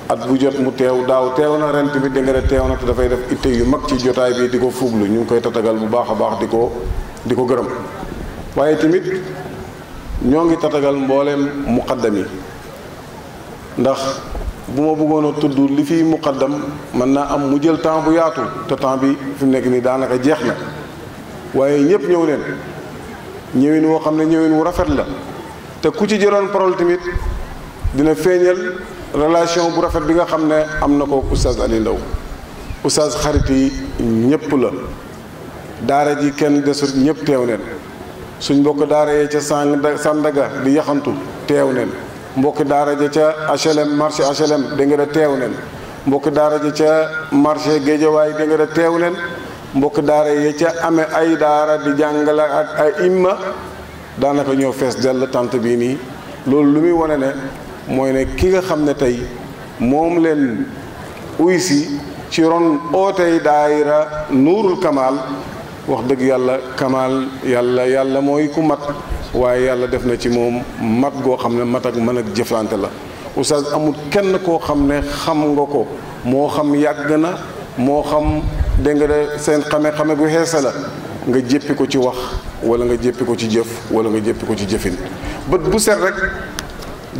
at bu jot mu teew daaw teew na ren tamit dégg nga teew na te dafay def it yu mag ci jotaay bi di ko fublu ñu ngi koy tatagal bu baax a baax di ko di ko gërëm waaye tamit ñoo ngi tatagal mbooleem muqaddam yi ndax bu ma bëggoon a tudd li fiy muqaddam mën naa am mu jël temps bu yaatu te temps bi fi nekk nii daanaka jeex na waaye ñëpp ñëw leen ñëwin woo xam ne ñëwin wu rafet la te ku ci jëloon parole tamit dina feeñal relation bu rafet bi nga xam ne am na ko oustaz Ali Ndaw oustaz xarit yi ñëpp la daara ji kenn desut ñëpp teew neen suñ mbokk daara yee ca sàng Sandaga di yaxantu teew neen mbokki daara ja ca HLM marché HLM da ngeen teew leen mbokki daara ja ca marché géejawaay da ngeen teew leen mbokki daara ya ca ame ay daara di jàngale ak ay imma daanaka ñoo fees dell tant bii nii loolu lu muy wane ne mooy ne ki nga xam ne tey moom leen uy si ci ron ootey daayira nuurul kamaal wax dëgg yàlla kamaal yàlla yàlla mooy ku mat waaye yàlla def na ci moom mat goo xam ne mat ak mën ak jëflante la oustaz amul kenn koo xam ne xam nga ko moo xam yàgg na moo xam dégg nga de seen xame-xame gu xeese la nga jéppi ko ci wax wala nga jéppi ko ci jëf wala nga jéppi ko ci jëfin bët bu set rek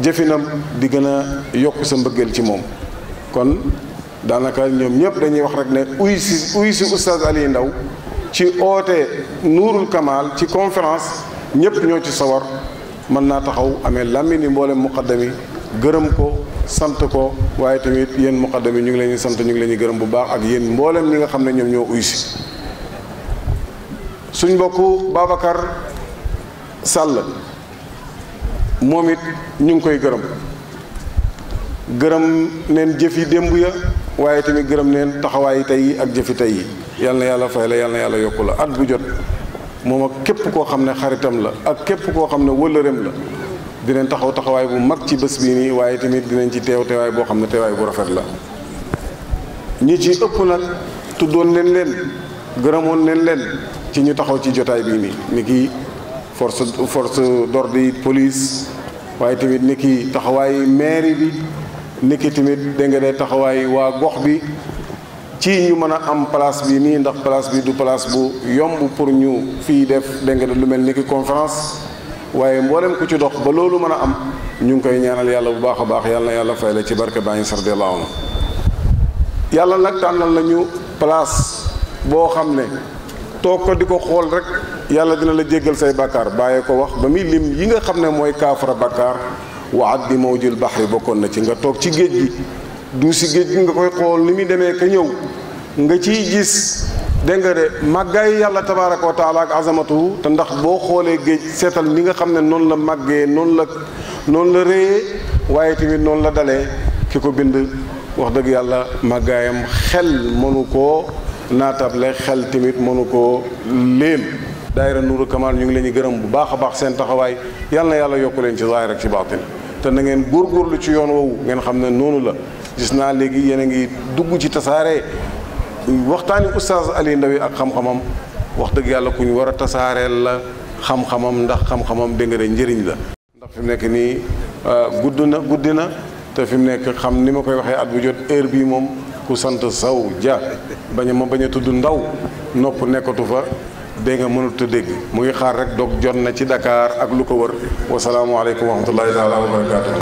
jëfinam di gën a yokk sa mbëggeel ci moom kon daanaka ñoom ñëpp dañuy wax rek ne uy si uy si oustaz Aliou ci oote nuurul Kamal ci conférence ñëpp ñoo ci sawar mën naa taxaw amee làmmiñ yi mboolem muqaddam yi gërëm ko sant ko waaye tamit yéen muqaddam yi ñu ngi leen sant ñu ngi leen gërëm bu baax ak yéen mboolem ñi nga xam ne ñoom ñoo uy si suñ mbokku Babacar Sall moom it ñu ngi koy gërëm gërëm neen jëf yi démb ya waaye tamit gërëm neen taxawaayi tey ak jëfi tey yi yal na yàlla fay la yal yàlla yokku la at bu jot moom ak képp koo xam ne xaritam la ak képp koo xam ne wëllëreem la dinañ taxaw taxawaay bu mag ci bés bii nii waaye tamit dinañ ci teew teewaay boo xam ne teewaay bu rafet la ñi ci ëpp nag tuddoon leen leen gërëmoon leen leen ci ñu taxaw ci jotaay bii nii ni ki force force d'ordre yi police waaye tamit ni taxawaay mairie bi ni ki tamit dégg nga taxawaay waa gox bi ci ñu mën a am place bii nii ndax place bi du place bu yomb pour ñu fii def dégg nga lu mel ni ki conférence waaye mboolem ku ci dox ba loolu mën a am ñu ngi koy ñaanal yàlla bu baax a baax yàlla yàlla fay la ci barke baa ngi sardiyallahu anhu yàlla nag tànnal nañu place boo xam ne toog ko di ko xool rek yàlla dina la jéggal say bàkkaar bàyyee ko wax ba muy lim yi nga xam ne mooy kaafara bàkkaar wa addi mawjil bahri bokkoon na ci nga toog ci géej gi du si géej gi nga koy xool ni muy demee ka ñëw nga ciy gis dégg nga de màggaay yàlla tabaaraka wa taala ak azamatu te ndax boo xoolee géej seetal ni nga xam ne noonu la màggee noonu la noonu la réyee waaye tamit noonu la dalee ki ko bind wax dëgg yàlla màggaayam xel mënu koo naatable xel tamit mënu koo léem daayira Nuuru ñu ngi leen gërëm bu baax a baax seen yàlla na yàlla yokku leen ci zaahir ak ci baatin te na ngeen ci yoon woowu ngeen xam ne noonu la gis naa léegi yéen a ngi dugg ci tasaare waxtaani oustaz Aliou Ndaw ak xam-xamam wax dëgg yàlla ku ñu war a tasaareel la xam-xamam ndax xam-xamam dégg nga ne njëriñ la. ndax fi mu nekk nii euh, gudd na guddi na te fi mu nekk xam ni ma koy waxee at bu jot heure bii moom ku sant saw ja bañ ma bañ a tudd ndaw nopp nekkatu fa. dégg nga mënut a dégg mu ngi xaar rek dog jot na ci Dakar ak lu ko wër wasalaamualeykum wa rahmatullahi taala wa barakaatu.